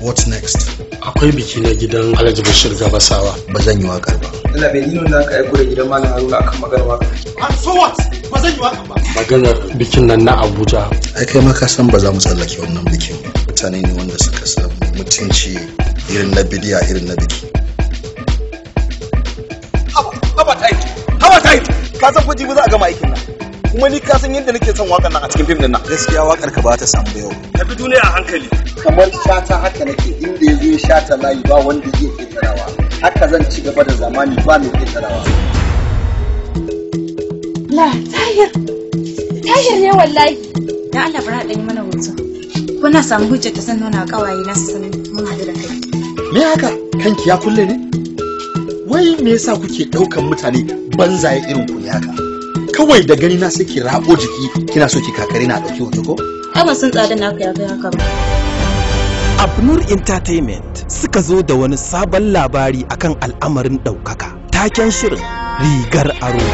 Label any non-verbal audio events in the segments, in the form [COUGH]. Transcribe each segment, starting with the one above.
What's next? Akwai biki na gidan Alhaji Bashir Gabasawa. Ba zan yi waƙar ba. Ina bai nuna ka aiko da gidan Malam Haruna akan maganar waƙar. And so what? Ba zan yi waƙar ba. Maganar bikin nan na Abuja. Ai kai ma ka san ba za mu tsallake wannan bikin. Mutane ne wanda suka samu mutunci irin na bidiya irin na biki. Haba, haba tight, haba tight. Ka san ko jibi za a gama aikin nan. kuma ni ka san yadda nake son wakan nan a cikin fim din nan gaskiya wakar ka ba ta samu yau tafi duniya a hankali kamar shata haka nake inda ya ya shata layi ba wanda zai tarawa haka zan ci gaba da zamani ba mai tarawa la tayar tayar ne wallahi da Allah bara dan mana hoto ko na samu hujja ta san nuna kawai na san mun hadu da kai me haka kanki ya kulle ne wai me yasa kuke daukan mutane banzaye irin ku ne haka kawai da gani na sai ki rabo jiki kina so ki kakare na dauki hoto ko ai ban san tsadan naka ya kai haka ba Abnur Entertainment suka zo da wani sabon labari akan al'amarin ɗaukaka. Taken shirin rigar aro.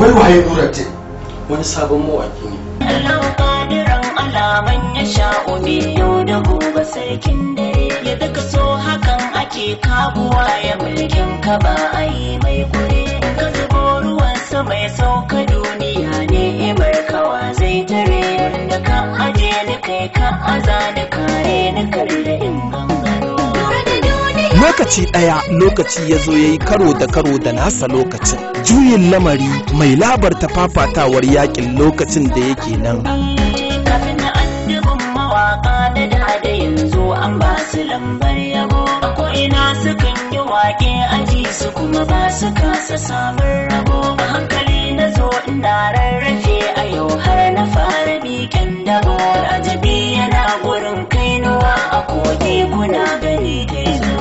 Wai waye Nuratin wani sabon mawaki ne. Allah ƙadiran Allah man ya sha'o ne yau da gobe sarkin dare ya daga so hakan ake kabuwa ya mulkin ka ba a yi mai kure. mai sauka duniya ne imar kawa zai tare wanda ka aje ni kai ka aza ni kare ni karda in lokaci ɗaya lokaci ya zo ya yi karo da karo da nasa lokacin juyin lamari mai labarta fafatawar yakin lokacin da yake nan kafin an mawaƙa na da da yanzu an su lambar yabo a ina sukan yi wake aji su kuma ba su kasa samun rabo a hankali na zo ina rarrafe a yau har na fara bikin dabo ajabi yana gurin kainuwa a kogi kuna gani dai zo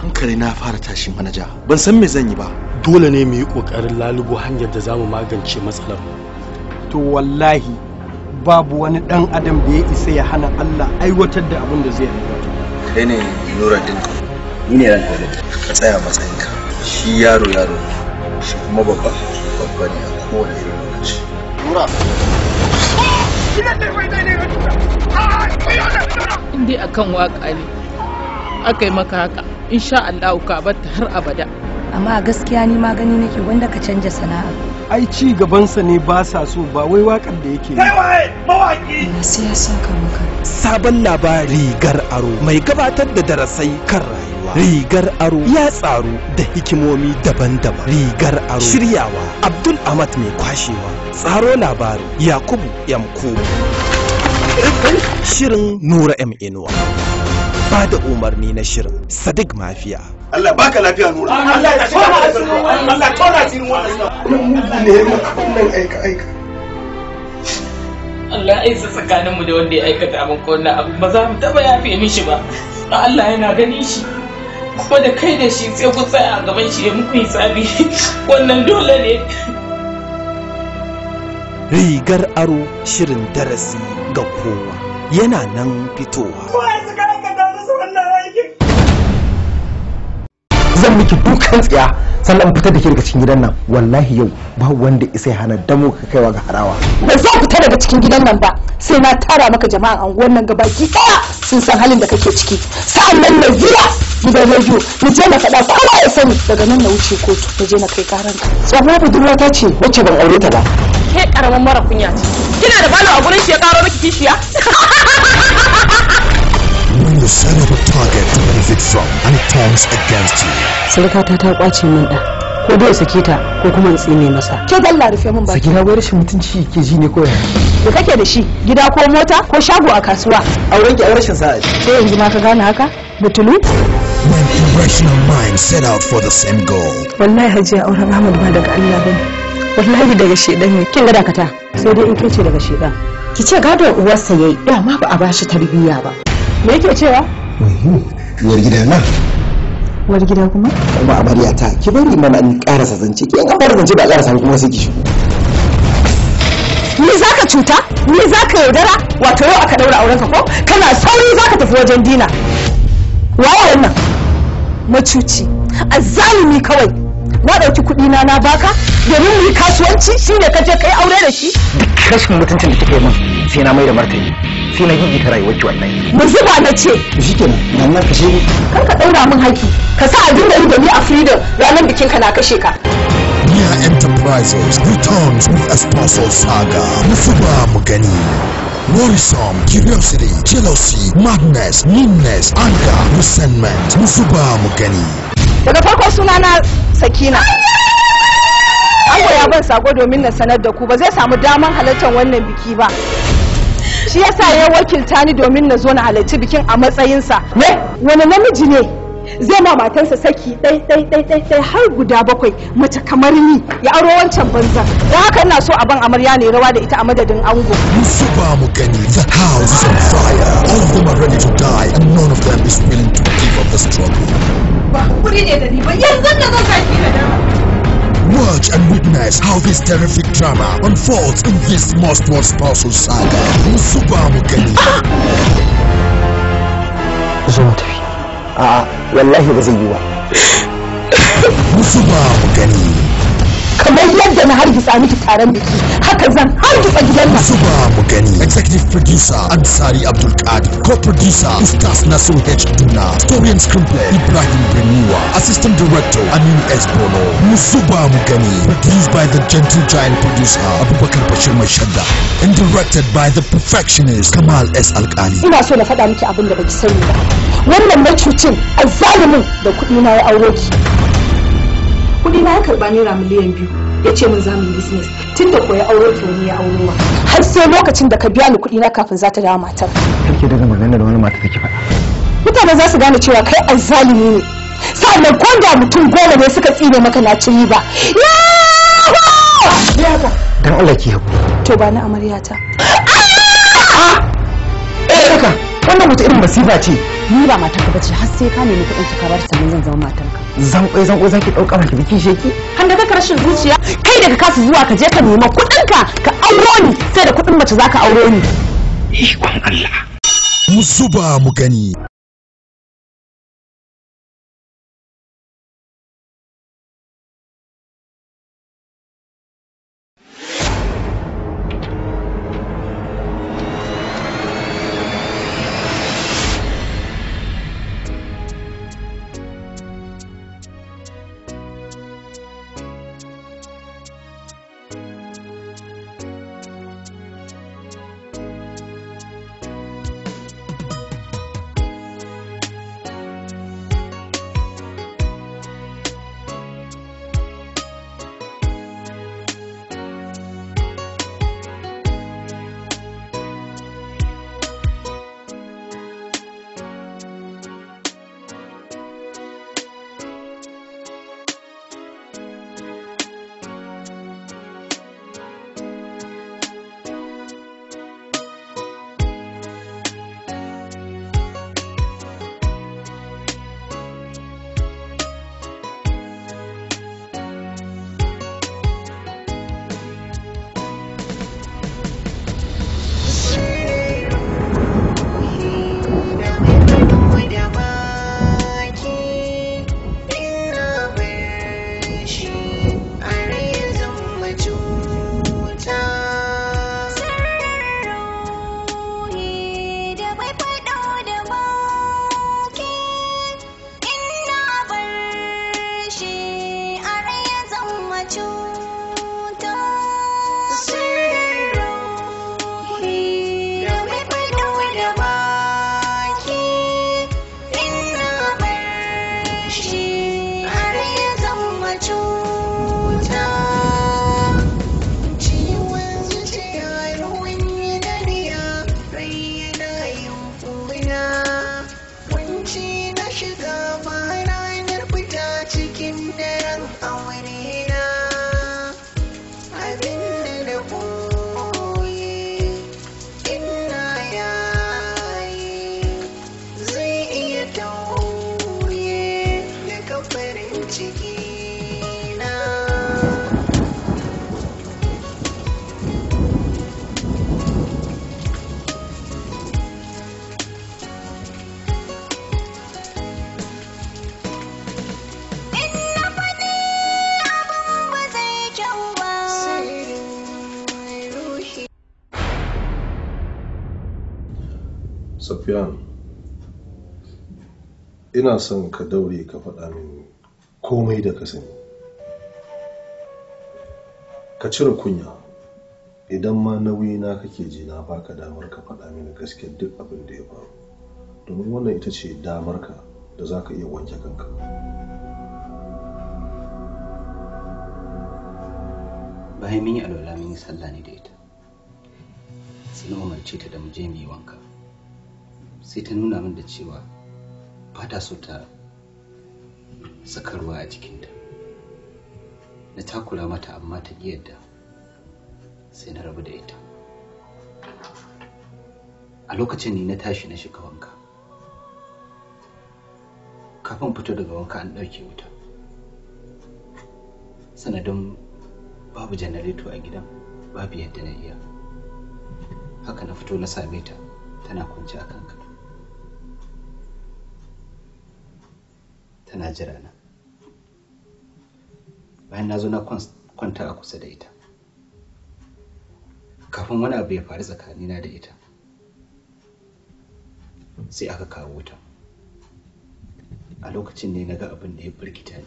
hankali na fara tashin manaja ban san me zan yi ba dole ne mu yi kokarin lalubo hanyar da zamu magance matsalar to wallahi babu wani dan adam da ya isa ya hana Allah aiwatar da abin da zai aiwatar kai ne nuruddin ni ne ranka da ka tsaya matsayinka shi yaro yaro ne shi kuma babba babba ne a kowane irin lokaci tura in dai kan waƙa ne aka yi maka haka insha Allah ka ta har abada amma gaskiya ni ma gani nake wanda ka canja sana'a ai ci gabansa ne ba sa so ba wai waƙar da yake mawaki masu ya maka. sabon labari gar aro mai gabatar da darasai kan rayuwa. rigar aro ya tsaru da hikimomi daban-daban rigar aro shiryawa abdul amat mai kwashewa tsaro labaru yakubu yamku shirin nura m inuwa ba da umarni na shirin sadiq mafiya Allah baka lafiya nura Allah ya tona asirin Allah tona asirin wannan ne mu nan aika aika Allah ya isa tsakaninmu da wanda ya aikata abin ko wannan abu ba za mu taba yafe mishi ba Allah yana gani shi kuma da kai da shi sai ku tsaya a gaban shi ya muku hisabi wannan dole ne rigar aro shirin darasi ga kowa yana nan fitowa zan miki dukan tsiya sannan fitar da ke daga cikin gidan nan wallahi yau ba wanda isa hana damu ka kaiwa ga harawa ba za fita daga cikin gidan nan ba sai na tara maka jama'an anguwan nan ki tsaya sun san halin da kake ciki sa'an nan na zira gidan rediyo na je na faɗa kowa ya sani daga nan na wuce kotu na je na kai karan ka tsohuwa ta ce wacce ban aure ta ba ke karamin mara kunya ce kina da balo a gurin shi ya karo miki kishiya [LAUGHS] when you send up a target to benefit from and it turns against you sarkata ta kwace min da ko dai sake ta ko kuma in tsine masa ke dalla rufe min Sake sakina wai rashin mutunci ke ji ne koyar da kake da shi gida ko mota ko shago a kasuwa auren ki auren shin sa'a sai yanzu ma ka gane haka butulu when irrational mind set out for the same goal wallahi hajiya auren Ahmad ba daga Allah bane wallahi daga shedan ne kin ga dakata sai dai in kece daga shedan ki ce gadon uwarsa yayi dama ba a bashi tarbiyya ba me yake cewa uwar gida na uwar gida kuma kuma amarya ta ki bari mana in karasa zance ki an karasa zance ba karasa ba kuma sai ki shigo ni zaka cuta ni zaka yaudara wato yau aka daura auren ka ko kana sauri zaka tafi wajen dina waye wannan macuci azzalumi kawai na dauki kuɗi na na baka domin mu yi kasuwanci shine kaje kai aure da shi duk rashin mutuncin da kike min sai na mai da martani sai na gigi ka rayuwar ki wallahi mu zuba na ce shikenan nan na kashe ni kar ka daura min haki ka sa a dinga yi da ni a freedom ranar bikin ka na kashe ka Mia Enterprises returns with a sponsor saga. mu gani Worrisome, curiosity, jealousy, madness, meanness, anger, resentment. Musuba Mugani. Daga farko na Sakina. An goya ban sako domin na sanar da ku ba zai samu daman halartar wannan biki ba. shi yasa ya wakilta ni domin na zo na halarci bikin a matsayinsa ne wani namiji ne zai ma matansa saki ɗai ɗai ɗai ɗai ɗai har guda bakwai mace kamar ni ya aro wancan banza don haka ina so a ban amarya ne rawa da ita a madadin ango ba mu gani, the house is on fire all of them are ready to die and none of them is willing to give up the struggle ba kuri ne da ni ba yanzu da zan tafi da dama Watch and witness how this terrific drama unfolds in this most watch puzzle saga. Musuba Mukani. Zo mu wallahi Musuba Mukani. kamar yadda na hargitsa miki taron biki haka zan hargitsa gidan nan suba mu gani executive producer ansari abdul qadir co-producer ustaz Nasir h duna story and screenplay ibrahim benuwa assistant director Amin s bono musuba mu gani produced by the gentle giant producer abubakar bashir mashadda and directed by the perfectionist kamal s Alkani. ina so na faɗa miki abin da baki sani ba wannan macucin azzalumin da kuɗi na ya aure ki kuɗi na ya karba naira miliyan biyu ya ce min zamu business tun da koya aure to ni ya aure wa har sai lokacin da ka biya ni kuɗi na kafin za ta dawo matar kake daga magana da wani mata take faɗa mutane za su gane cewa kai azzalimi ne sa'annan ko da mutum goma ne suka tsine maka na ci riba dan Allah ki haƙuri to ba ni amaryata. ta. Ah! Eh, wannan mutum irin masifa ce. ni ba matarka ka bace har sai ka nemi kuɗin ka bar sannan zan zama matarka. ka zan koi zan koi zaki ɗaukar maki biki sheki kan da ka rashin zuciya kai daga kasu zuwa ka je ka nemi kuɗin ka ka auro ni sai da kuɗin mace zaka auro ni ikon Allah mu zuba mu gani son ka daure ka faɗa min komai da ka sani ka cire kunya idan ma nauyi na kake ji na baka damar ka faɗa mini gaskiyar duk abin da ya faru domin wannan ita ce damar ka da za ka iya wanke kanka bayan mun yi alwala mun yi sallah ne da ita sai na umarce ta da mu je mu yi wanka sai ta nuna min da cewa Fata so ta sakarwa a jikinta na takura mata amma ta iya yadda sai na rabu da ita a lokacin ne na tashi na shiga wanka kafin fito daga wanka an ɗauke wuta sanadin babu janareto a gidan babu yadda na iya haka na fito na same ta tana kwanci a kan tana jira na bayan na zo na kwanta a kusa da ita kafin wani abu ya faru tsakanina da ita sai aka kawo ta a lokacin ne na ga abin da ya birgita ni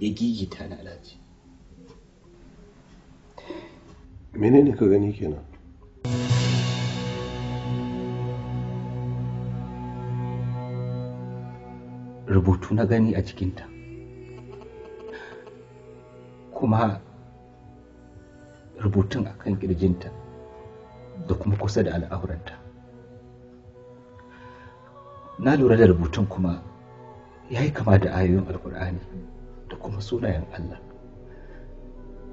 ya gigita ni alhaji menene ka gani kenan rubutu na gani a cikinta kuma rubutun a kan ƙirjinta da kuma kusa da al'auranta na lura da rubutun kuma ya yi kama da ayoyin alkur'ani da kuma sunayen allah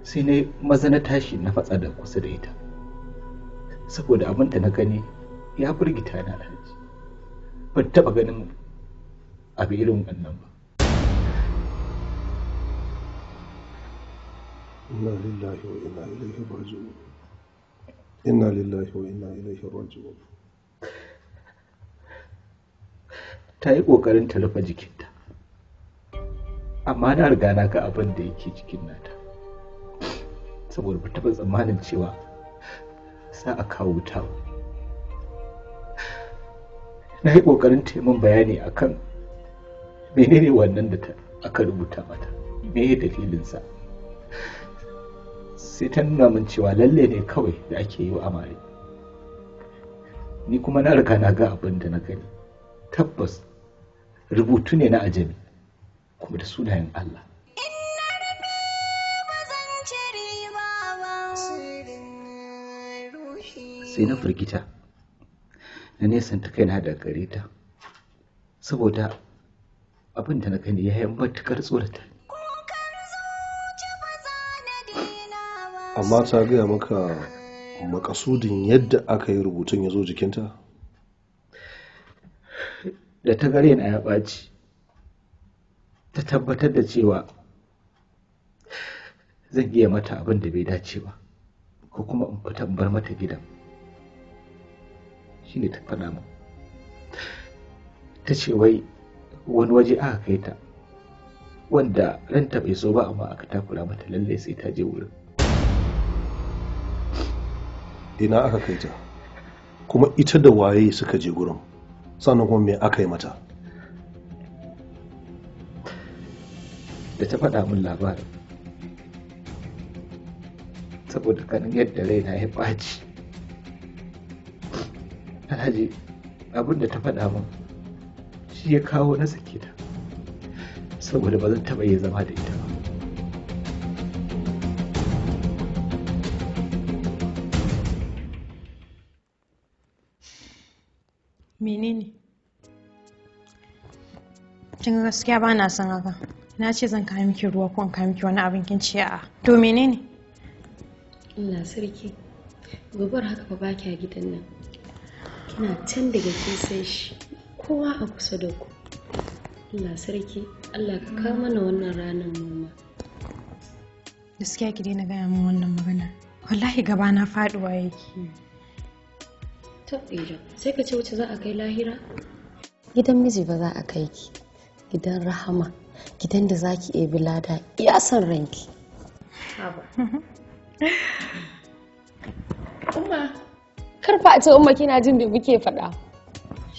sai na maza na tashi na fatsa da kusa da ita saboda abinta na gani ya burgita na alhaji ban taɓa ganin A bi irin wannan ba Ina lillahi wa ina ilaihi raji'un inna lillahi wa ilaihi raji'un ta yi ƙoƙarin ta rufe jikinta amma na riga na ga abin da yake jikin nata saboda ba taɓa tsammanin cewa za a kawo ta na yi ƙoƙarin taimun bayani akan menene wannan da aka rubuta mata me ya dalilinsa sai ta nuna min cewa lalle ne kawai da ake yi wa amare ni kuma na riga na ga abin da na gani tabbas rubutu ne na ajami kuma da sunayen Allah sai na firgita na nesanta kaina da gare ta saboda abin da na gani ya yi matukar tsorata amma ta gaya maka makasudin yadda aka yi rubutun ya zo jikinta da ta gare na ya ɓaci ta tabbatar da cewa zan iya mata abin da bai dace ba ko kuma in fita in bar mata gidan shi ne ta faɗa mu ta ce wai wani waje aka kai ta wanda ranta bai so ba amma aka takura mata lalle sai ta je wurin ina aka kai ta kuma ita da waye suka je gurin sannan kuma me aka yi mata da ta faɗa min labarin saboda kanin yadda raina ya ɓaci alhaji abin da ta faɗa min shi ya kawo na sake ta saboda ba zan taba yi zama da ita ba menene kin gaskiya ba na san haka na ce zan kawo miki ruwa ko kawo miki wani abin kin ce a to menene Allah sarki gobar haka ba kya gidan nan kina can daga kin san shi kowa a kusa da ku Allah sarki Allah ka kawo mana wannan ranar noma gaskiya ki daina gaya min wannan magana wallahi gaba na faduwa yake to sai ka ce wace za a kai lahira gidan miji ba za a kai ki gidan rahama gidan da za ki ebi lada iya son ranki [LAUGHS] umma kar fa a ce umma kina jin da muke faɗa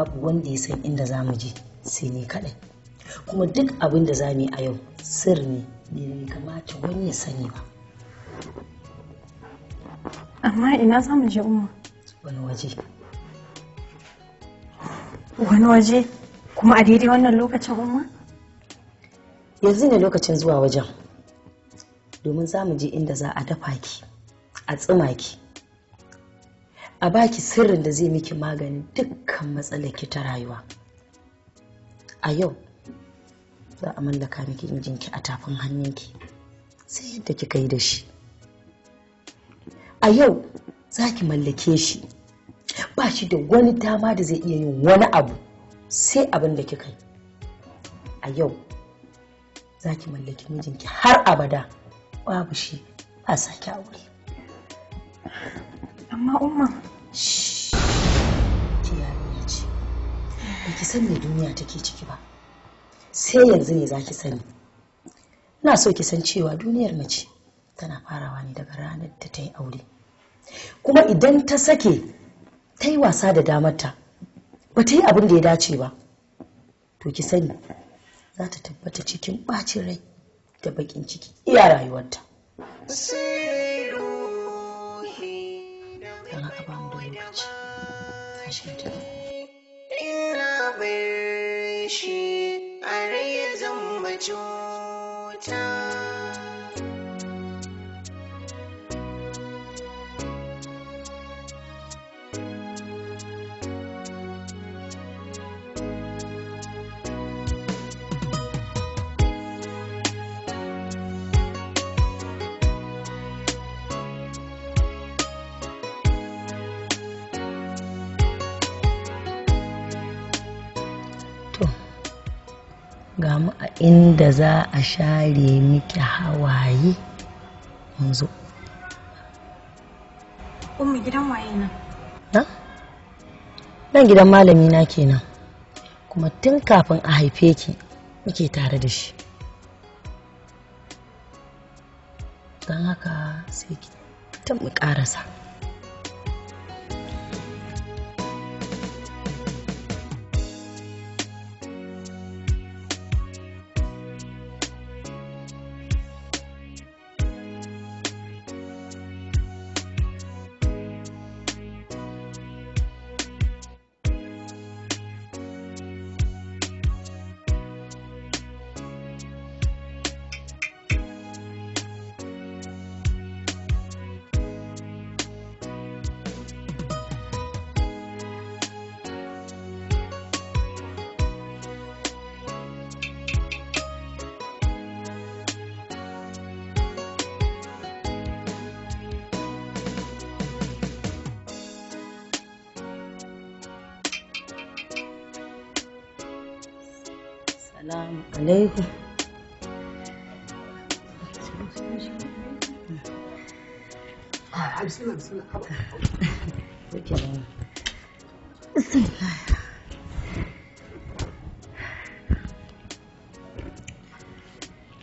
babu wanda ya san inda za mu je sai ni kaɗai kuma duk abin da za mu yi a yau sir ne ne bai kamata wani ya sani ba amma ina za mu je umma wani waje wani waje kuma a daidai wannan lokacin umma yanzu ne lokacin zuwa wajen domin za mu je inda za a dafa ki a tsima ki a baki sirrin da zai miki maganin dukkan ki ta rayuwa a yau za a mallaka miki injinki a tafin hannunki sai yadda kika yi da shi a yau za ki mallake shi ba shi da wani dama da zai iya yin wani abu sai abin da kika yi a yau za ki mallaki mijinki har abada babu shi ba sake aure amma umma baki Ki ce. Ba ki san me duniya take ciki ba. Sai yanzu ne za ki sani. Ina so ki san cewa duniyar mace tana farawa ne daga ranar da ta yi aure. Kuma idan ta sake ta yi wasa da damarta ba ta yi abin da ya dace ba. To ki sani za ta tabbata cikin ɓacin rai da baƙin ciki iya rayuwarta. very much. I sure inda za a share miki hawaye yanzu kuma gidan waye nan na nan gidan malami na kenan kuma tun kafin a haife ki muke tare da shi don haka sai ki mu karasa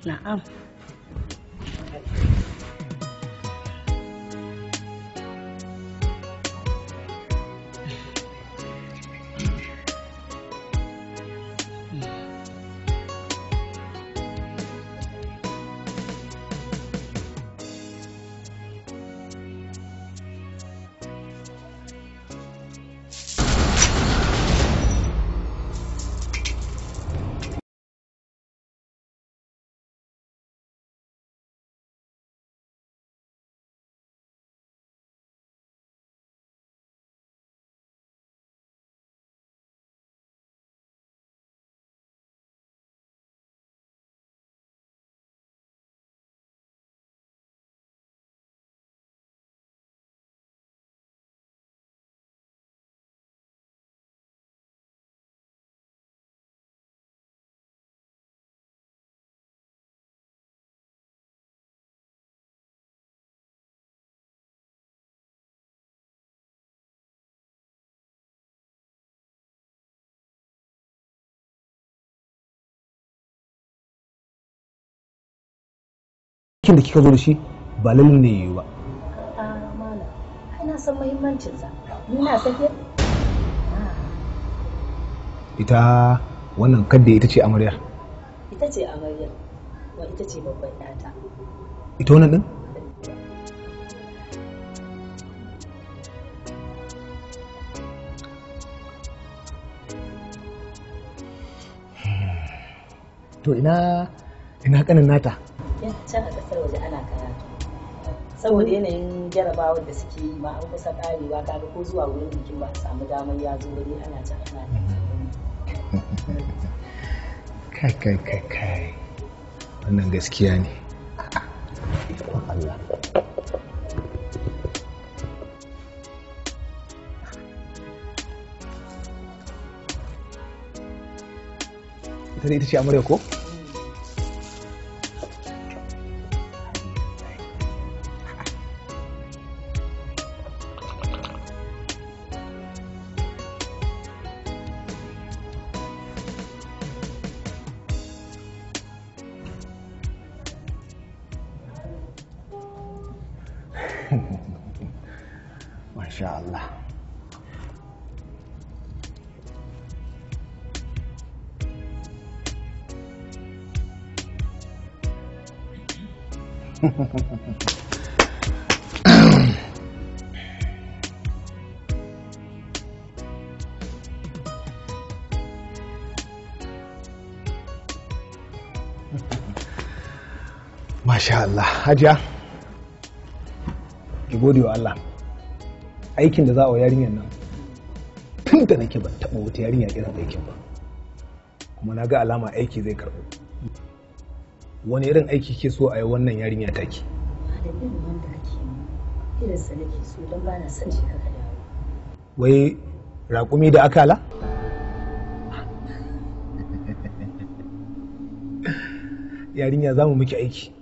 了啊。cikin da kika zo da shi ba lalle ne yiwu ba ah, ana san muhimmancinsa ni sake ah. ita wannan kadda ita ce amarya. ita ce amarya, wa ita ce babban ɗata ita wannan din hmm. to ina ina kanin nata can a ƙasar waje ana karatu saboda yanayin jarabawar da suke yi ma an kusa karewa kaga ko zuwa wurin bikin ba a samu damar ya zo gani ana can ana kai kai kai kai wannan gaskiya ne ikon Allah ita ce amurya ko? hajiya ki gode wa Allah aikin da za a wa yarinyar nan tun da nake ban taɓa wata yarinya irin aikin ba kuma na ga alama aiki zai karɓo wani irin aiki ke so a yi wannan yarinya taki wai raƙumi da akala? [LAUGHS] yarinya za mu miki aiki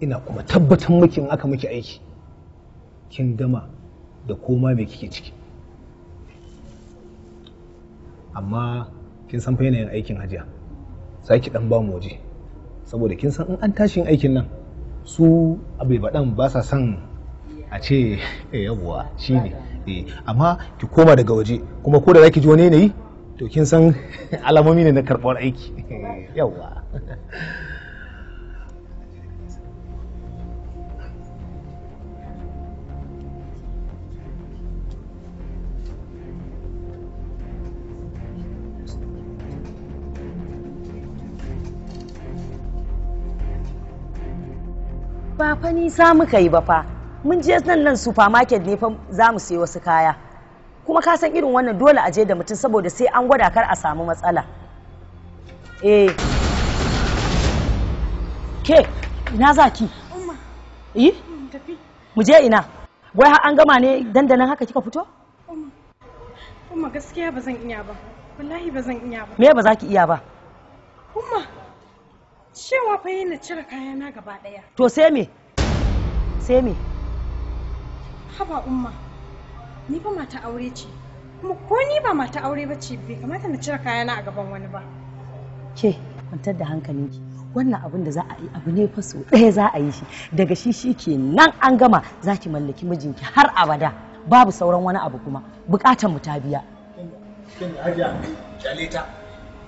ina kuma tabbatar miki in aka miki aiki kin gama da koma mai kike ciki amma kin san fa yanayin aikin hajiya sai ki dan ba mu waje saboda kin san in an tashin aikin nan su abai baɗan ba sa son a ce eh, yabuwa shi ne eh, amma ki koma daga waje kuma ko da za ki ji wani yanayi to kin san [LAUGHS] alamomi ne na karɓar aiki [LAUGHS] yawwa [LAUGHS] ba fa nisa muka yi ba fa mun je nan nan supermarket ne fa za mu sayi wasu kaya kuma ka san irin wannan dole a je da mutum saboda sai an gwada kar a samu matsala eh ke ina za ki umma eh mu je ina wai har an gama ne dandanan haka kika fito umma umma gaskiya ba zan iya ba wallahi ba zan iya ba me ba za ki iya ba umma cewa fa yi na cire kayana gaba daya to sai me sai me haba umma ni ba mata aure ce kuma ko ni ba mata aure ba ce bai kamata na cire kayana a gaban wani ba ke kwantar da hankalinki wannan abin da za a yi abu ne fa so ɗaya za a yi shi daga shi shi ke nan an gama za ki mallaki mijinki har abada babu sauran wani abu kuma bukatan mu ta biya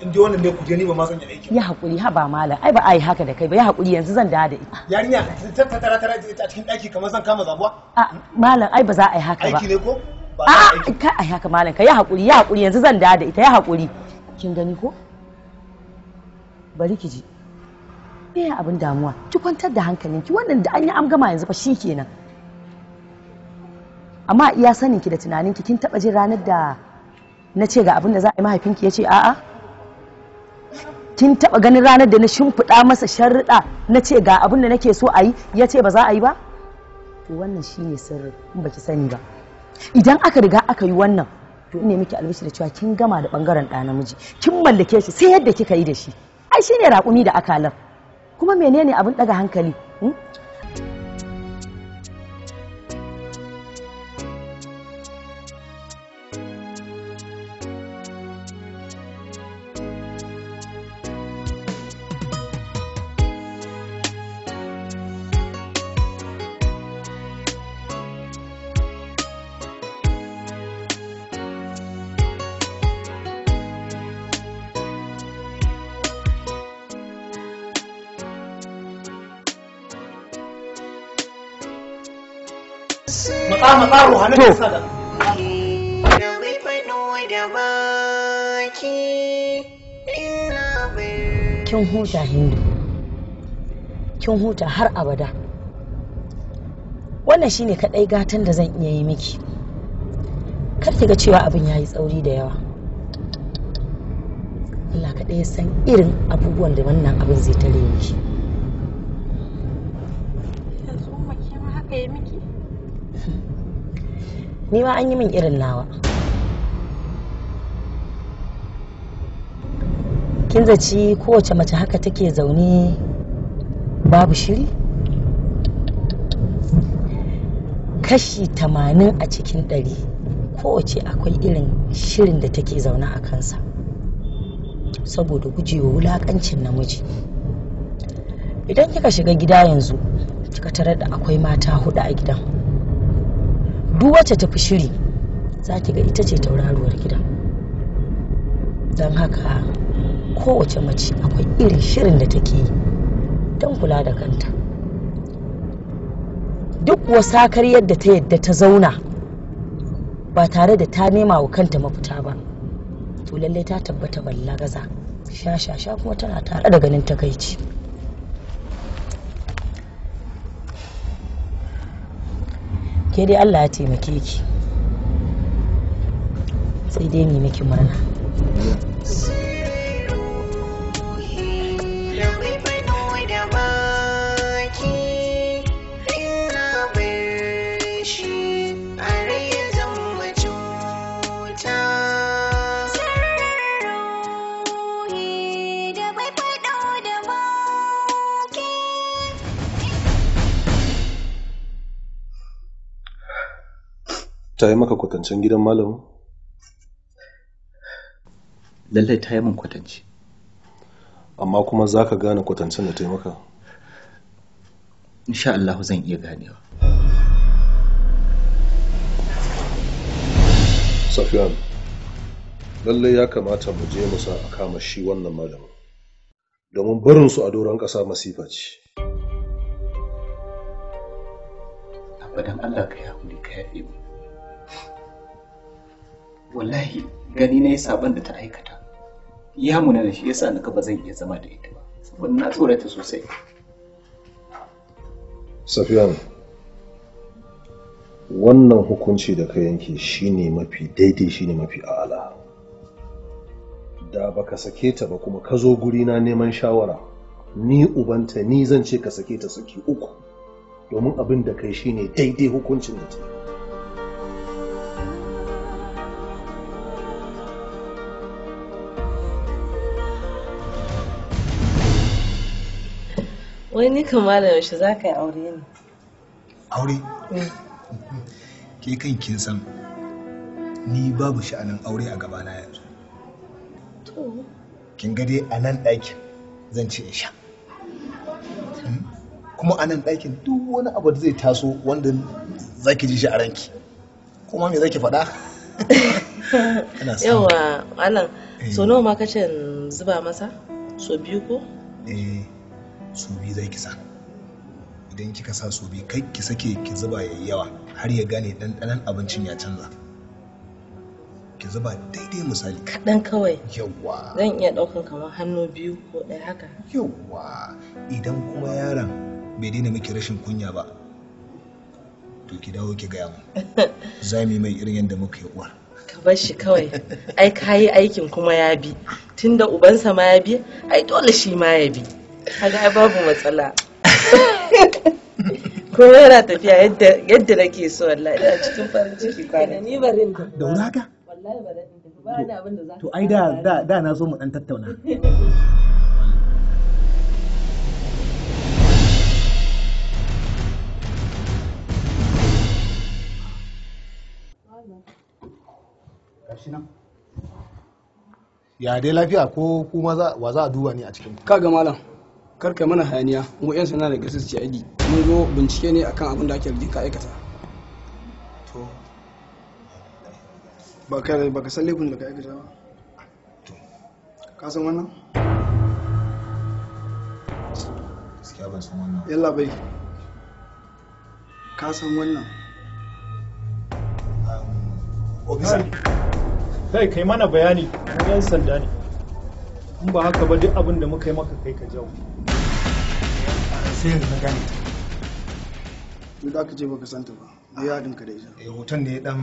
in wannan ne kuje ni ba ma sanya aiki ya hakuri ha ba malam ai ba ai haka da kai ba ya hakuri yanzu zan da da ita yarinya ta tara tara a cikin daki kamar zan kama zabuwa a malam ai ba za a yi haka ba aiki ne ko ba a ka ai haka malam ka ya hakuri ya hakuri yanzu zan da da ita ya hakuri kin gani ko bari ki ji me abin damuwa ki kwantar da hankalinki wannan da an yi an gama yanzu fa shikenan amma iya saninki da tunaninki kin taba jin ranar da na ce ga abin da za a yi mahaifinki ya ce a'a kin taɓa ganin ranar da na shimfiɗa masa sharriɗa na ce ga abin da nake so a yi ya ce ba za a yi ba to wannan ne sirri in baki sani ba idan aka riga aka yi wannan to ne miki albishi da cewa kin gama da bangaren ɗa namiji kin mallake shi sai yadda kika yi da shi ai shine raƙumi da akalar kuma menene abin ɗaga hankali hmm? tsama kin huta hindu kin huta har abada wannan shine kaɗai gatan da zan iya yi miki kar ki ga cewa abin ya yi tsauri da yawa Allah kaɗai ya san irin abubuwan da wannan abin zai tare shi ni ma an yi min irin nawa kin zaci kowace mace haka take zaune babu shiri kashi tamanin a cikin ɗari kowace akwai irin shirin da take zaune a kansa saboda gujewa wulakancin namiji idan kika shiga gida yanzu kika tarar da akwai mata hudu a gidan duk wacce ta fi shiri za ki ga ita ce tauraruwar gida don haka kowace mace akwai irin shirin da take yi don kula da kanta duk wasakar yadda ta yadda ta zauna ba tare da ta nema wa kanta mafita ba to lallai ta tabbata balla gaza sha sha sha kuma tana tare da ganin takaici. ke dai Allah ya taimake ki sai dai ni miki murna ta yi maka kwatancen gidan malamu? lallai ta yi min kwatanci amma kuma za ka gane kwatancen da ta yi maka? insha Allah zan iya ganewa safiyan lallai ya kamata mu je mu sa a kama shi wannan malamu domin barinsu a doron ƙasa masifa ce abadan Allah ka yi hakuri ka yi mu wallahi gani na yi saban da ta aikata ya muna da shi yasa na ka ba zan iya zama da ita ba saboda na tsorata sosai safiyan wannan hukunci da ka yanke shine mafi daidai shine mafi a'ala da baka sake ta ba kuma ka zo gurina neman shawara ni ubanta ni zan ce ka sake ta saki uku domin abin da kai shine daidai hukuncin da ta wai ni kama da yaushe za ka yi aure ne aure eh. ke kan kin san ni babu sha'anin aure a gabana yanzu kin ga dai a nan ɗakin zan ce in sha hmm? kuma a nan ɗakin duk wani abu da zai taso wanda za ki ji shi a ranki kuma me za ki faɗa [LAUGHS] yawa alan so eh. nawa ma kace zuba masa so biyu ko eh su biyu zai kisa idan kika sa su biyu kai ki sake ki zuba yayi yawa har ya gane ɗanɗanon abincin ya canza ki zuba daidai misali kaɗan kawai yawa zan iya ɗaukan kamar hannu biyu ko ɗaya haka yawa idan kuma yaron bai daina miki rashin kunya ba to ki dawo ki gaya mu [LAUGHS] za mu yi mai irin yadda muka yi uwar ka bar shi kawai ai yi aikin kuma ya bi tunda ubansa ma ya bi ai dole shi ma ya bi kaga babu matsala kuma yana tafiya yadda nake so wallahi ina cikin farin ciki kwana ni barin da da wuri haka wallahi barin da ba ni abin da za to ai da da na zo mu dan tattauna ya dai lafiya ko kuma wa za a duba ni a cikin kaga malam karka mana hayaniya mu 'yan sana daga su cid mun zo bincike ne akan abin da ake rijin ka aikata to baka baka san laifin da ka aikata ba to ka san wannan gaskiya ban san wannan yalla bai ka san wannan um, officer kai kai mana bayani 'yan sanda ne in ba haka ba duk abin da muka yi maka kai ka jawo sai yanzu na gane ta da aka ce baka santa ba da ya haɗin ka da ita eh hoton ne dan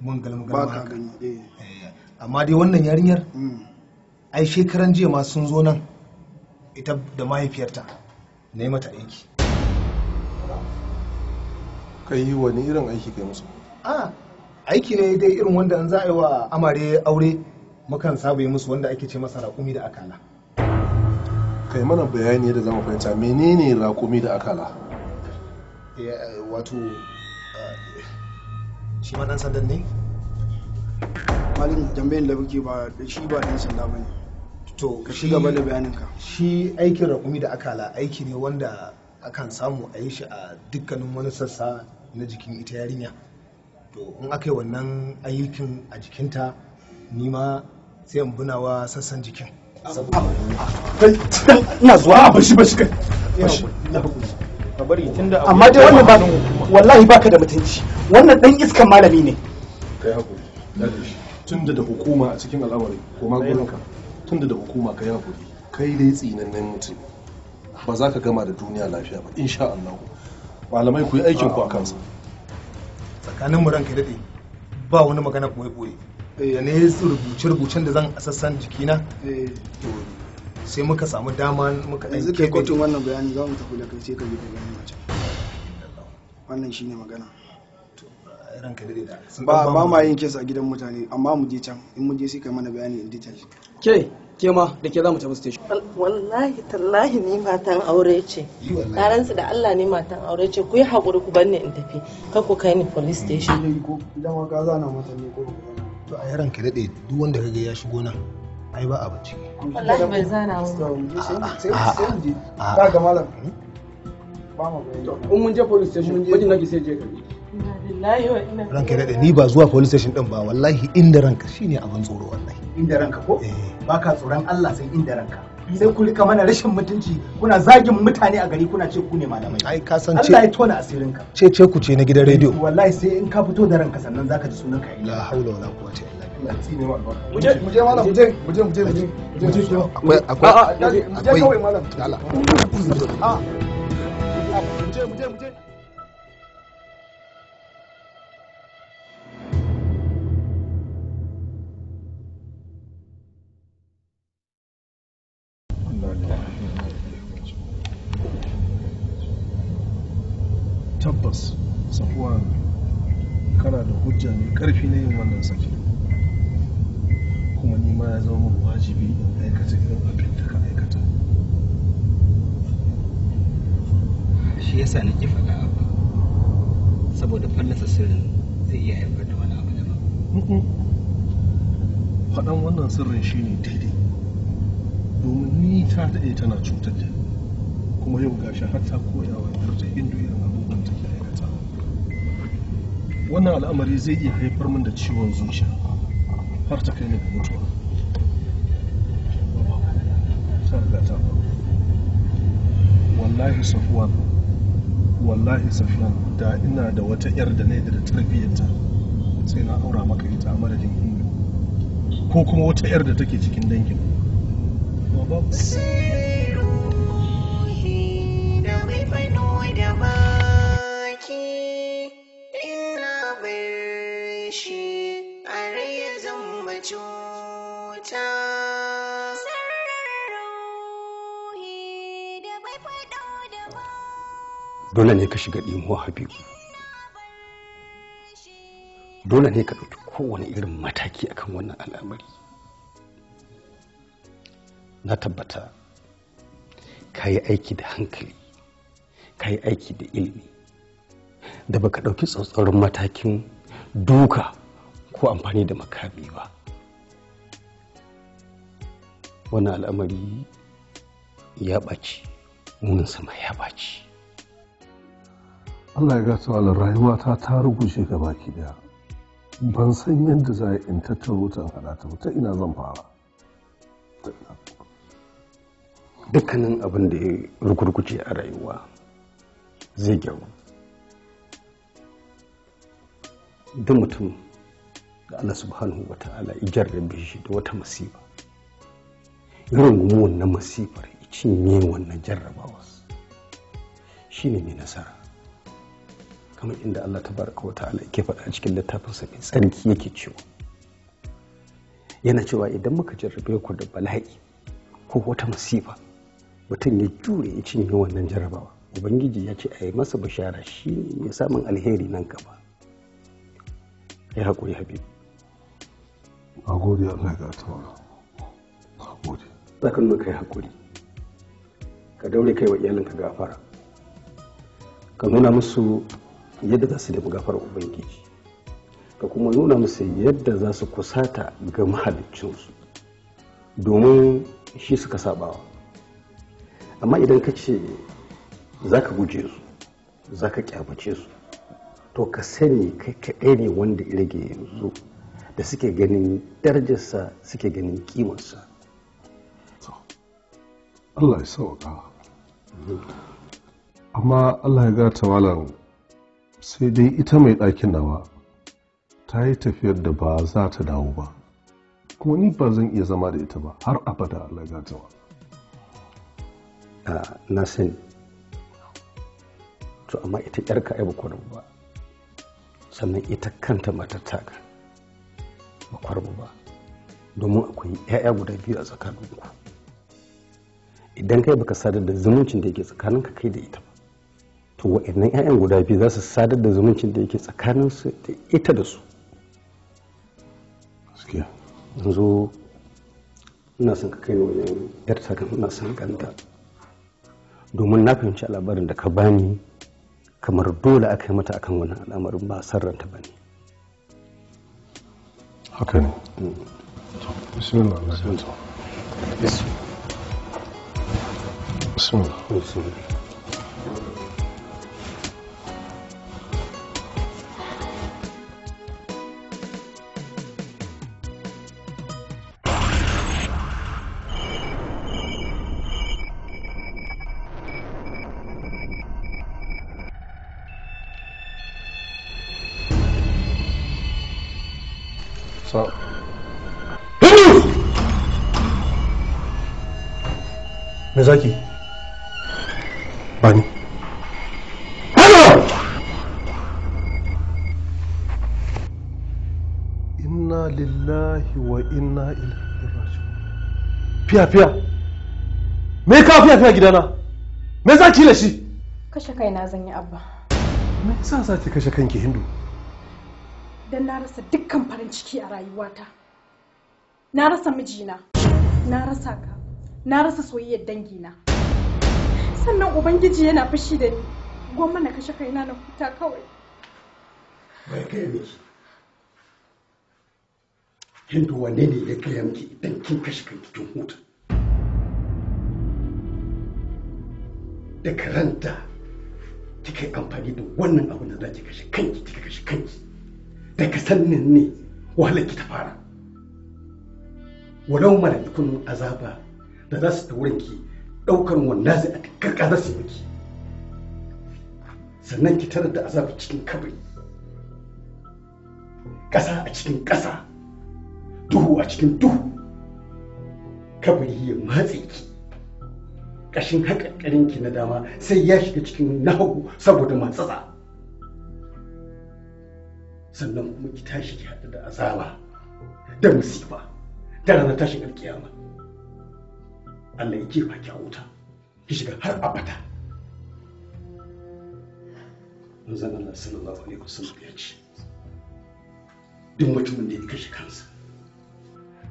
mun galma galma ba ka gani eh. eh amma dai wannan yarinyar mm. ai shekaran jiya ma sun zo nan ita da mahaifiyarta na yi mata aiki kai wani irin aiki kai musu a aiki ne dai irin wanda an za a yi wa amare aure mukan saba yi musu wanda ake ce masa raƙumi da akala kai mana bayani yadda zama fahimta menene rakumi da akala eh, wato eh, shi ma dan sandan ne malin tambayin da kuke ba da shi ba dan sanda ne to ka shi gaba da bayaninka shi aikin rakumi da akala aiki ne wanda akan samu a yi shi a dukkanin wani sassa na jikin ita yarinya to in aka yi wannan ayyukan a jikinta nima sai in bunawa sassan jikin ina zuwa ah, bashi bashi kai amma dai wannan ba wallahi baka da mutunci wannan dan iskan malami ne kai hakuri tunda da hukuma a cikin al'amari ko magunanka tunda da hukuma kai hakuri kai dai tsinannen mutum ba za ka gama da duniya lafiya ba insha Allah malamai ku yi aikin ku a kansa tsakanin mu ranka dade ba wani magana kuma yi boye Eh, ne rubuce-rubucen da zan a sassan jikina eh, sai muka samu dama muka ɗan kebe kotun wannan bayani za mu tafi da kai sai ka je gani mace wannan shine magana ba ba ma yin kesa a gidan mutane amma mu je can in mu je sai kai mana bayani in detail ke ke ma da ke za mu tafi station wallahi tallahi ni matan aure ce karan su da Allah ne matan aure ce ku yi hakuri ku banne in tafi kar ku kai ni police station ko idan ka zana mata ne ko to a yaran ka daɗe duk wanda kage ya shigo nan ai ba a bace wallahi bai zana wani sai ga malam ba mu to in mun je police station wajen nake sai je ka ranka daɗe ni ba zuwa police station din ba wallahi inda ranka shine abin tsoro wallahi inda ranka ko eh. ba ka tsoron Allah sai inda ranka sai ku rika mana rashin mutunci kuna zagin mutane a gari kuna ce ku ne malamai ai ka san ce Allah ya tona asirin ka ce ce ku ce na gidan rediyo wallahi sai in ka fito da ranka sannan zaka ji sunan ka la haula wala quwwata illa billah muje muje malam muje muje muje muje muje akwai akwai kawai malam muje muje muje abu saboda fallasa sirrin zai iya haifar da wani abu daban faɗan wannan sirrin shine daidai domin ni ta daɗe tana cutar da kuma yau gashi har ta koya wa yarda hindu irin abubuwan take aikata wannan al'amari zai iya haifar min da ciwon zuciya har ta kai ni da mutuwa wallahi safuwa wallahi safiyan da ina da wata yar da ne da tarbiyyarta sai na aura maka ita a madadin hindu ko kuma wata yar da take cikin dangin babu dole ne ka shiga ɗimuwa habibu dole ne ka ɗauki kowane irin mataki akan wannan al'amari na tabbata ka yi aiki da hankali ka yi aiki da ilimi da baka ɗauki tsautsarin matakin duka ko amfani da makami ba wannan al'amari ya ɓaci wunin sama ya ɓaci Allah ya gasa wa rayuwata ta rubuce ga baki daya ban san yadda za a in tattaro ta hada ta ta ina zan fara dukkanin abin da ya rukurkuce a rayuwa zai gyaru duk mutum da Allah subhanahu wa ta'ala ijar da shi da wata masifa irin wannan masifar cinye wannan jarrabawa Shi ne mai nasara kamar inda Allah baraka wa ta'ala ke faɗa a cikin littafinsa mai tsarki yake cewa yana cewa idan muka jarrabe ku da bala'i ko wata masifa mutum ya jure ya cinye wannan jarrabawa ubangiji ya ce a yi masa bishara shi ne mai samun alheri nan gaba ya haƙuri habib a gode Allah ya tawara a za ka nuna haƙuri ka daure kai wa iyalinka gafara ka nuna musu yadda za su dafa gafar ubangiji ka kuma nuna musu yadda za su kusata ga mahaliccinsu domin shi suka sabawa amma idan ka ce za ka guje su za ka kyamace su to ka sani kai kaɗai ne wanda ya rage yanzu da suke ganin darajarsa suke ganin kimarsa Allah ya sauka amma Allah ya gata tawalan sai dai ita mai ɗakin nawa ta yi tafiyar da ba za ta dawo ba kuma ni ba zan iya zama da ita ba har abada Allah ya gatawa ah, na sani to amma ita yarka ai ba ba sannan ita kanta matar taka ba ba domin akwai 'ya'ya guda biyu a tsakaninku idan kai baka sadar da zumuncin da yake tsakaninka kai da ita to wa'annan 'ya'yan guda biyu za su sadar da zumuncin da yake tsakanin su da ita da su yanzu ina son ka kai ni wajen yar sakan ina son kanta domin na fahimci labarin da ka bani kamar dole aka yi mata akan wani al'amarin ba sarranta ba ne haka ne mm. bismillah bismillah bismillah So. Me Bani. Hello! Inna lillahi wa inna ilaihi raji'un. Fiya fiya. Me ka fiya fiya gidana? Me zaki le shi? Kashe kaina zan yi abba. Me yasa za ki kashe kanki Hindu? don na rasa dukkan farin ciki a rayuwata na rasa mijina na rasa ka na rasa soyayyar dangina sannan ubangiji yana fushi da ni gwamma na kashe kaina na huta kawai mai kai ne hindu wane ne ya kai yanki idan kin kashe kan kin huta da karanta kika yi amfani da wannan abu da za kashe kanki kika kashe kanki daga sannin ne wahalar ki ta fara walau mala'ikun azaba da za su taurin ki ɗaukar wanda zai a karka su miki sannan ki tarar da azaba cikin kabari ƙasa a cikin ƙasa duhu a cikin duhu kabari ya matse ki ƙashin haƙaƙarin ki na dama sai ya shiga cikin nahagu saboda matsatsa sannan kuma ki tashi ki haɗu da azaba da musiba da ranar tashin alkiyama Allah ya jefa ki a wuta ki shiga har abada manzon Allah sallallahu alaihi wasallam ya ce duk mutumin da ya kashe kansa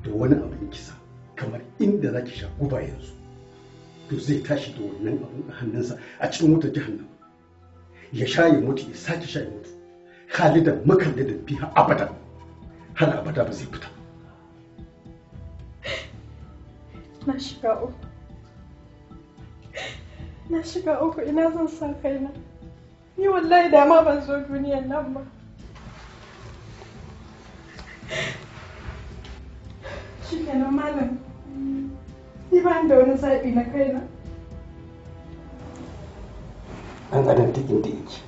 da wani abin kisa kamar inda zaki sha guba yanzu to zai tashi da wannan abin a hannunsa a cikin wutar jahannam ya sha ya mutu ya sake sha ya mutu khalidan makallidan biya abadan hana abada ba zai fita na shiga uku na shiga uku ina zan sa kaina ni wallahi da ma ban zo duniyan nan ba shi kenan malam ni ba da wani zaɓi na kaina an adam tikin da yake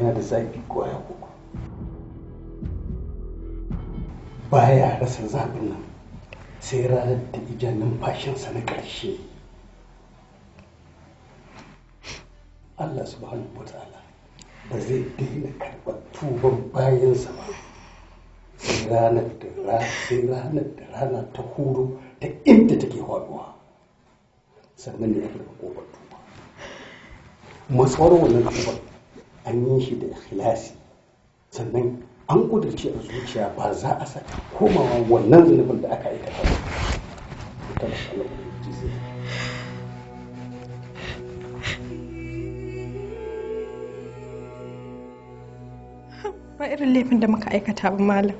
yana da zafi kwaya uku baya rasa zafin nan sai ranar da ijan numfashinsa na ƙarshe Allah subhanahu wa ta'ala ba zai daina karɓar tuban bayansa ba sai ranar da rana ta horo ta inda take faɗuwa sannan ne ya fi ƙofar tuba matsuwar wannan ƙofar an yi shi da ikhlasi sannan an kudurci a zuciya ba za a saka komawa wannan zunubin da aka aikata ba ba irin laifin da muka aikata ba malam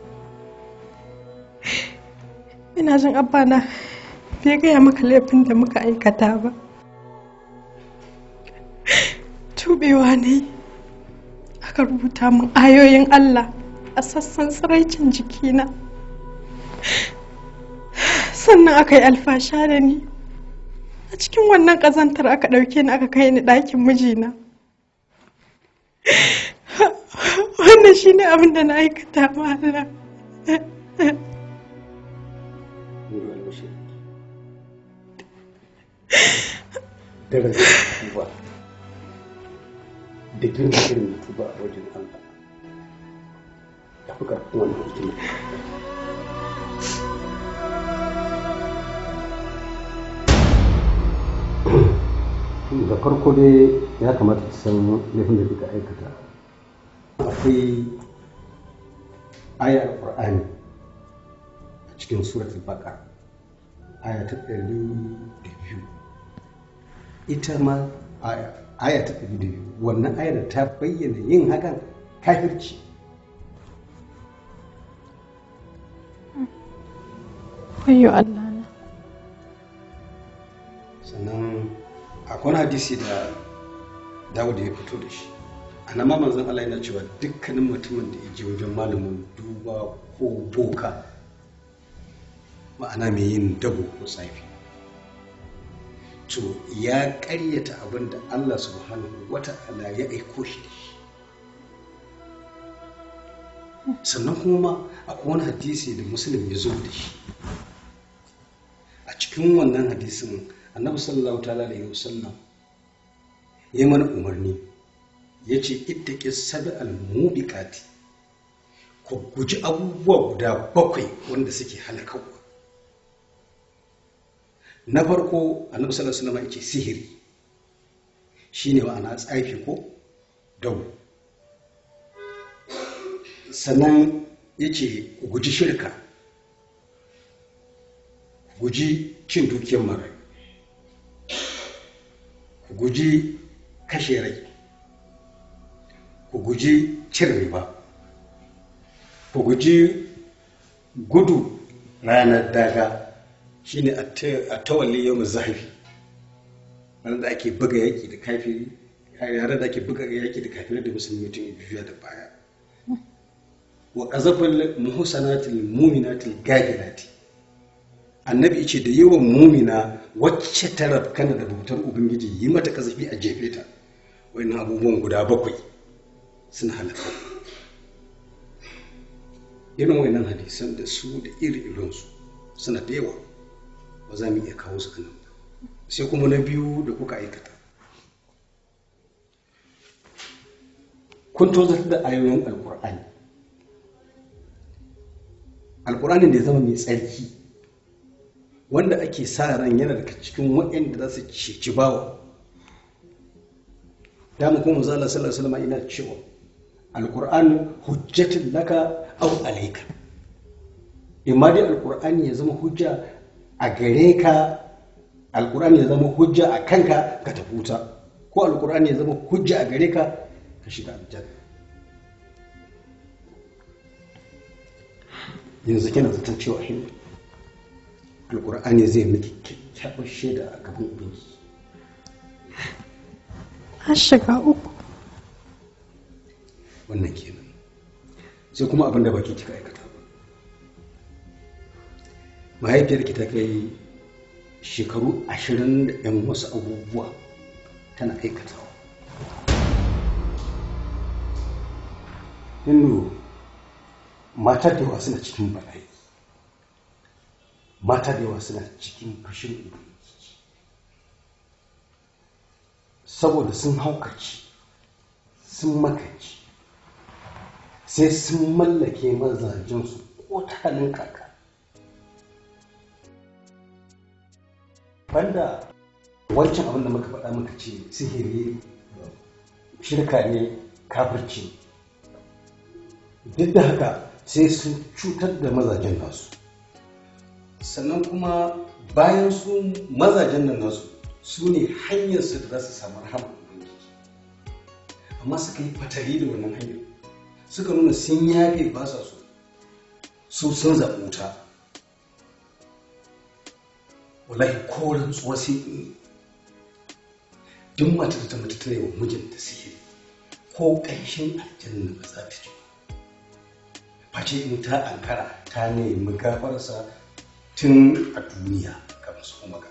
ina jin abana bai gaya maka laifin da muka aikata ba tubewa ne ka rubuta min ayoyin Allah a sassan tsiraicin jikina sannan aka yi alfasha da ni a cikin wannan ƙazantar aka ɗauke ni aka kai ni ɗakin mijina wannan shi ne abin da na aikata ma Allah da girma irin da tuba a wajen Allah ya fi karfin wannan hikima da farko dai ya kamata ta san laifin da kika aikata akwai ayar alƙur'ani a cikin suratul baqara aya ta ɗari ita ma aya aya ta ɗari da biyu wannan ayar ta bayyana yin hakan kafirci Allah na. Sannan akwai hadisi da Dawud ya fito da shi. A nan manzon zan cewa dukkanin mutumin da ya je wajen malamin duba ko boka ma'ana mai yin dabo ko tsafi to ya ƙaryata abin da Allah subhanahu wata'ala ya aiko shi da shi sannan kuma akwai wani hadisi da musulun ya zo da shi a cikin wannan hadisin annabi sallallahu ta'ala alaihi wasallam ya mana umarni ya ce ittaqi sab'al mubiqati ku guji abubuwa guda bakwai wanda suke halakawa na farko a sallallahu alaihi wasallam ce sihiri shi ne wa ana tsaifi ko dau sannan ce guji shirka guji cin dukiyar mara ku guji kashe rai ku guji cin riba ku guji gudu ranar daga shine a tawalli yau zahabi ranar da ake buga yaki da kafiri yare da ake buga yaki da kafiri da musulmi tun biyu da baya wa qazafal muhsanatil mu'minatil gajirati annabi ce da yawan mumina wacce ta rafkana da bautar ubangiji yi mata kazafi a jefe ta wayannan abubuwan guda bakwai suna halatta irin wayannan hadisan da su da iri su suna da yawa ba za mu iya kawo su anan sai kuma na biyu da kuka aikata kun da ayoyin alkur'ani alkur'ani da ya zama mai tsarki wanda ake sa ran yana daga cikin waɗanda za su ceci bawa dama kuma zala sallallahu alaihi ina cewa alkur'ani hujjatin laka au alaika imma dai alkur'ani ya zama hujja a gare ka alkur'ani ya zama hujja a kanka ka tafi wuta ko alkur'ani ya zama hujja a gare ka ka shiga aljan yanzu kina zaton cewa hin alkur'ani zai miki kyakkyawar shaida a gaban ubangiji a shiga uku wannan kenan sai kuma abin da baki kika aikata mahaifiyarki ta kai shekaru ashirin da yan wasu abubuwa tana aikatawa hindu matar da suna cikin bala'i mata da suna cikin fushin ubangiji saboda sun haukaci sun makaci sai sun mallake mazajensu ko ta halin kaka banda wancan abin da muka faɗa muka ce sihiri shirka ne kafirci duk da haka sai su cutar da mazajen nasu sannan kuma bayan su mazajen nan nasu su ne hanyar su da su samu rahama amma suka yi fatari da wannan hanyar suka nuna sun yafe ba sa so sun zaɓi wuta wallahi ko rantsuwa duk mata da ta mutu ta yi wa mijinta suke, ko ƙanshin aljanna ba za ta ci face in ta ankara ta nemi gafarsa tun a duniya kamar su kuma ga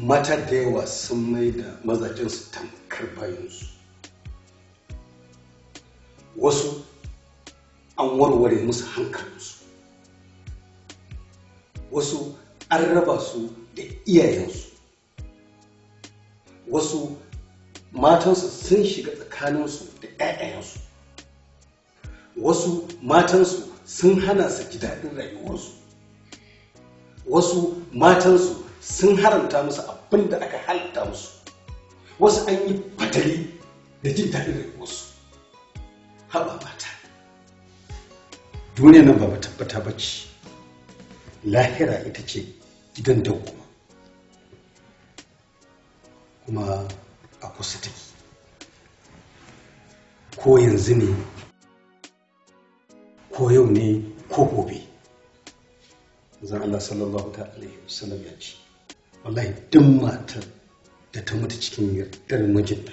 mata da yawa sun mai da su tamkar bayansu wasu an warware musu hankalinsu wasu an raba su da iyayensu wasu matansu sun shiga tsakaninsu da yayansu wasu matansu sun hana su ji daɗin rayuwarsu wasu matansu sun haranta musu abin da aka halitta musu wasu an yi fatali da jin daɗin rayuwarsu haɓa duniya nan ba tabbata ba ce lahira ita ce gidan da kuma kuma a kusa take ko yanzu ne ko yau ne ko gobe zan Allah sallallahu alaihi wasallam ya ce wallahi duk matar da ta mutu cikin yardar mijinta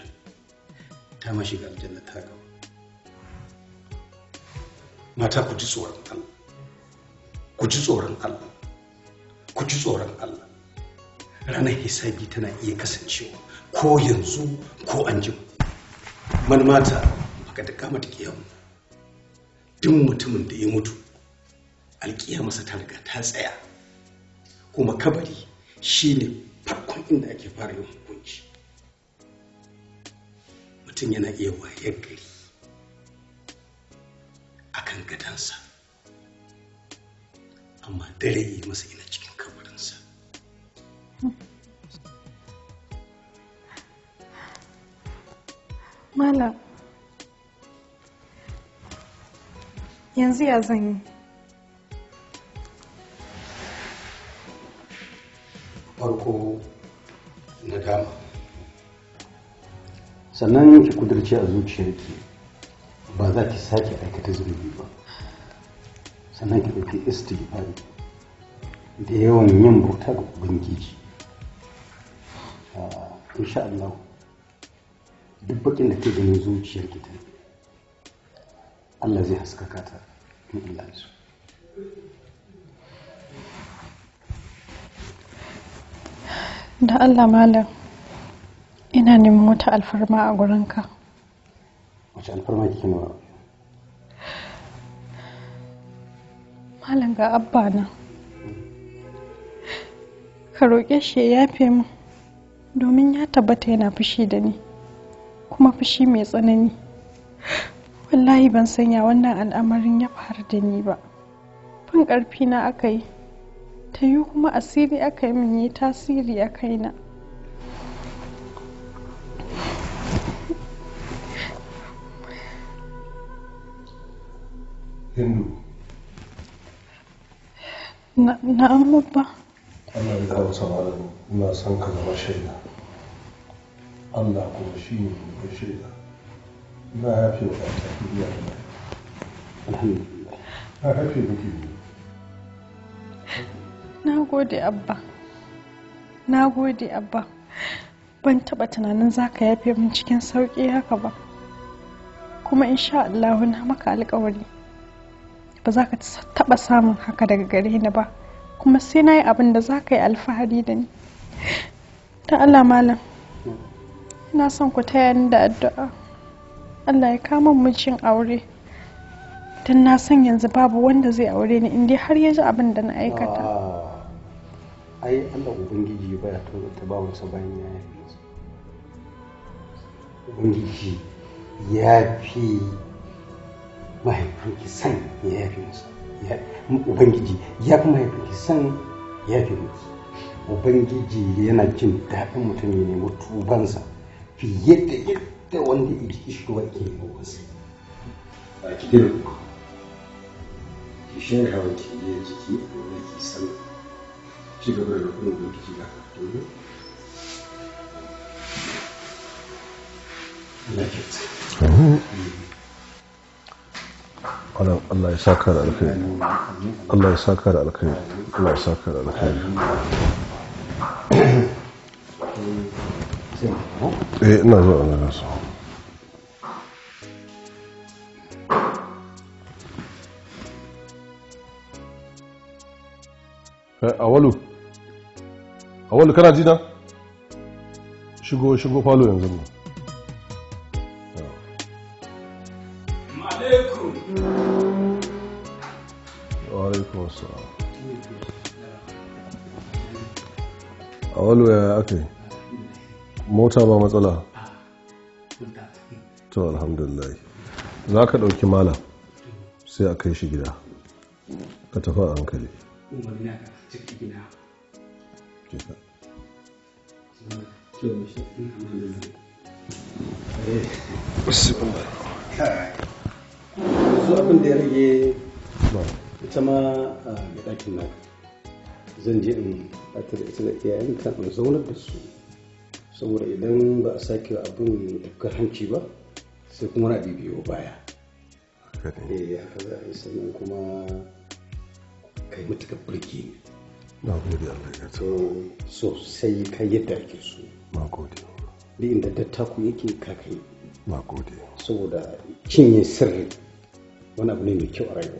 ta mashi ga aljanna ta gaba mata ku ji tsoron Allah ku ji tsoron Allah ku ji tsoron Allah ranar hisabi tana iya kasancewa ko yanzu ko an ji man mata baka da kama ta kiyamu duk mutumin da ya mutu masa ta riga ta tsaya kuma kabari shine farkon inda ake fara yin hukunci mutum yana iya wayar gari a kan gadansa amma dare yi masa ina cikin kabarinsa mala yanzu ya zan yi farko na dama sannan ki kudurce a zuciyarki za ki sake aikata zunubi ba sannan ki ɗauki istighfari da yawan yin bauta ga ubangiji ah, insha Allah duk bakin da ke ganin zuciyar ki ta Allah zai haskaka ta in Allah ya so da Allah malam ina neman wata alfarma a gurinka wace alfarma kike nema malam ga abba na ka roƙe shi ya yafe min domin ya tabbata yana fushi da ni kuma fushi mai tsanani wallahi ban sanya wannan al'amarin ya faru da ni ba fin ƙarfi na aka yi ta yi kuma asiri aka yi min yi tasiri a kaina Hindu. na'am babba ana yi hausa malam ina son ka zama shaida allah kuma shi ne mai shaida na haife wa ta duniya da mai alhamdulillah da hafi muke na gode abba na gode abba ban taba tunanin za ka yafe min cikin sauƙi haka ba kuma insha Allah na maka alƙawari ba za ka taɓa samun haka daga gare ni ba kuma sai na yi abin da za ka yi alfahari da ni ta allah malam ina son ku taya ni da addu'a allah ya kama mucin aure don na san yanzu babu wanda zai aure ni in har ya ji abin da na aikata ah, ai allah ubangiji tura ta ba wasa bayan ya yafi ubangiji ya fi mahaifinki san ya yafe musu ubangiji ya fi mahaifinki san ya yafe musu ubangiji yana jin daɗin mutum ya nemi tubansa fiye da yadda wanda ya ji ke yi wasu a cikin ki hawan ki ne jiki san ci gaba da kuma ubangiji الله الله يساك على خير الله يساك على خير الله يساك على خير ايه نعم نعم awalu awalu kana ji na shigo shigo falo yanzu saurara a walu ya aka yi mota ba matsala to alhamdulillah za ka ɗauki mala sai a kai shi gida ka tafi a hankali abin da ya rage ita ma a ɗakin na zan je in ɓatar da ita da iyayenta in zaunar da su saboda idan ba a sake abin tafkar hanci ba sai kuma na bibiyo baya eh haka za a yi sannan kuma kai matuƙar birki na gode Allah ya to sosai kai yadda ake so na gode duk inda dattaku yake kakai na gode saboda cinye sirri wani abu ne mai kyau a rayuwa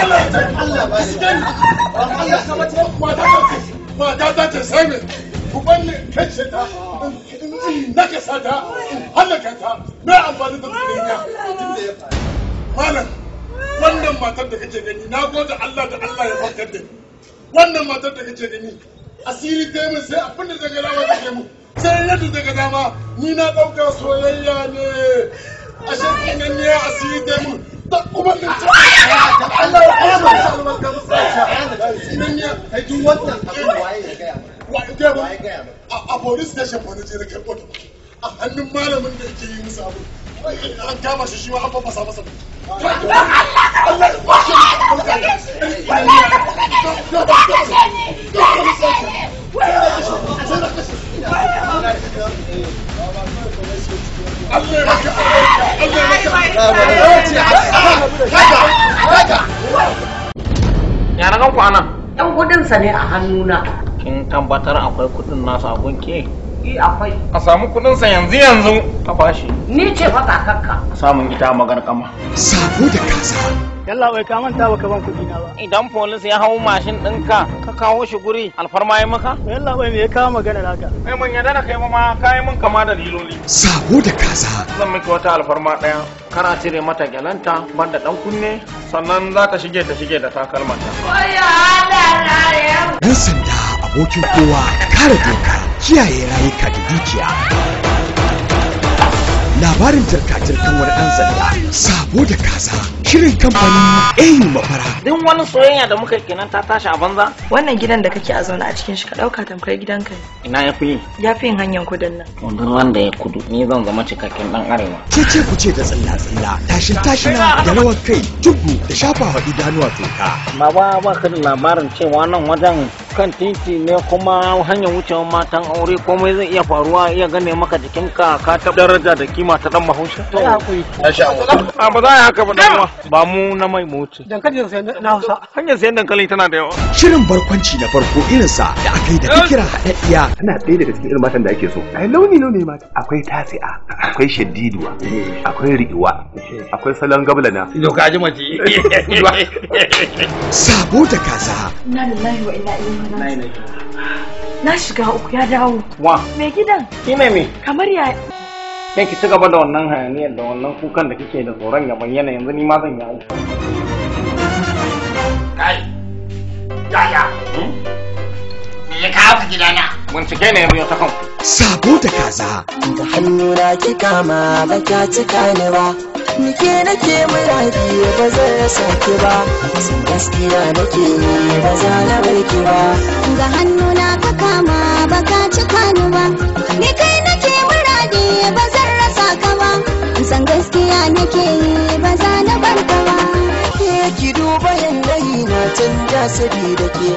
mata ta ta ta ka sata halaka ta na da tsirinya malam wannan matar da kake gani na gode Allah da Allah ya farkar da wannan matar da kake gani asiri ta min sai abin da daga dama take mu sai yadda daga dama ni na dauka soyayya ne ashe kin ne asiri ta min da kuma da Allah ya kai a da ya na gan kwanan yan kudin sa ne a hannuna kin tabbatar akwai kudin nasa a gunke yi eh, akwai a samu kudin sa yanzu yanzu ka bashi ni ce fa kakakka samun ita magarkama Sabu da kasa. Yalla bai ka manta baka ban kuɗi na ba. Idan polis ya hau mashin ɗinka ka kawo shi guri alfarma ya maka? Yalla bai me ya kawo magana naka? Kai mun yarda da kai ma ka yi mun kama da liloli. Sabo da kaza. Zan miki wata alfarma ɗaya kana cire mata gyalanta da ɗan kunne sannan za ka shige ta shige da takalmanta. Ɗan sanda abokin kowa kare doka kiyaye rayuka da dukiya. labarin jirka-jirkan wani ɗan sanda sabo da kaza Shirin kamfanin AU Mafara. Din wani soyayya da muka kenan ta tashi a banza? Wannan gidan da kake a zaune a cikin shi ka ɗauka tamkar gidan ka Ina ya fi Ya fi yin hanyar kudin nan. Wannan wanda ya kudu ni zan zama cikakken ɗan arewa. Ce ce ku ce da tsalla-tsalla, tashin-tashina da rawar kai, juggu da shafawa idanuwa toka. Ma ba ba ka labarin cewa nan wajen kan titi ne kuma hanyar wucewar matan aure komai zai iya faruwa iya gane maka jikinka ka ta daraja da kima ta dan bahaushe to a ah, ba za a haka ba dan ba mu na mai mota dankalin sai na hausa hanyar sayan dankali tana da yawa shirin barkwanci na farko irinsa da aka yi da fikira haɗaɗɗiya tana ɗaya daga cikin irin matan da ake so ai launi launi mata akwai tasi'a akwai shaddiduwa akwai ri'iwa akwai salon gablana doka ji mace [LAUGHS] sabo da kaza na lillahi wa inna ilaihi Na shiga uku ya dawo. Wa. Me gidan? Ki ne me? Kamar ya. Kai ki ci gaba da wannan hayaniyar da wannan kukan da kike da tsoron ya bayyana yanzu ni ma zan yi aiki. Kai. Yaya. Hmm? ya kawo ka gidana. Bincike ne ya ta kan. Sabo da kaza. Da hannuna ki kama ba ka cika ni ba. ni ke na ke mura muradi ba zan rasa ki ba. Sun gaskiya na ke ni ba za na bar ki ba. Da hannuna ka kama ba ka cika ni ba. Ni kai mura muradi ba zan rasa ka ba. San gaskiya na ke yi ba za na bar ka ba. Ke ki duba canja sabida ke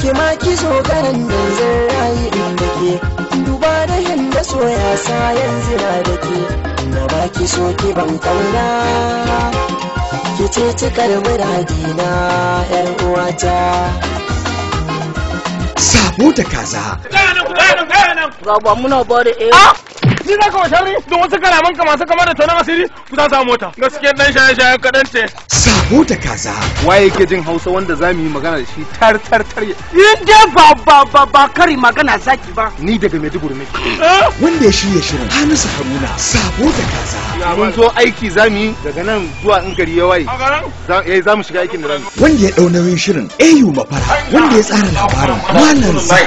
ke ma ki zo garan da zan rayu da ke duba da yanda soya sa yanzu na da ke na ba ki so ki ban kauna ki ce cikar muradina yar uwata sabo da kaza ga muna bada eh Ni za ka wa tauri? Don wasu kalaman ka masu kama da tonon asiri ku za samu mota. Gaskiya dan shaye-shaye kaɗan ce. Sabo da kaza. Waye ke jin Hausa wanda za mu yi magana da shi tar tar tar. In dai ba ba ba ba kari magana zaki ba. Ni daga Maiduguri ne. Eh? Wanda ya shirya shirin Hamisu Haruna sabo da kaza. Mun zo aiki za mu yi daga nan zuwa in gari ya waye. Eh za mu shiga aikin da rami. Wanda ya ɗau nauyin shirin AU Mafara wanda ya tsara labarin Malam Zai.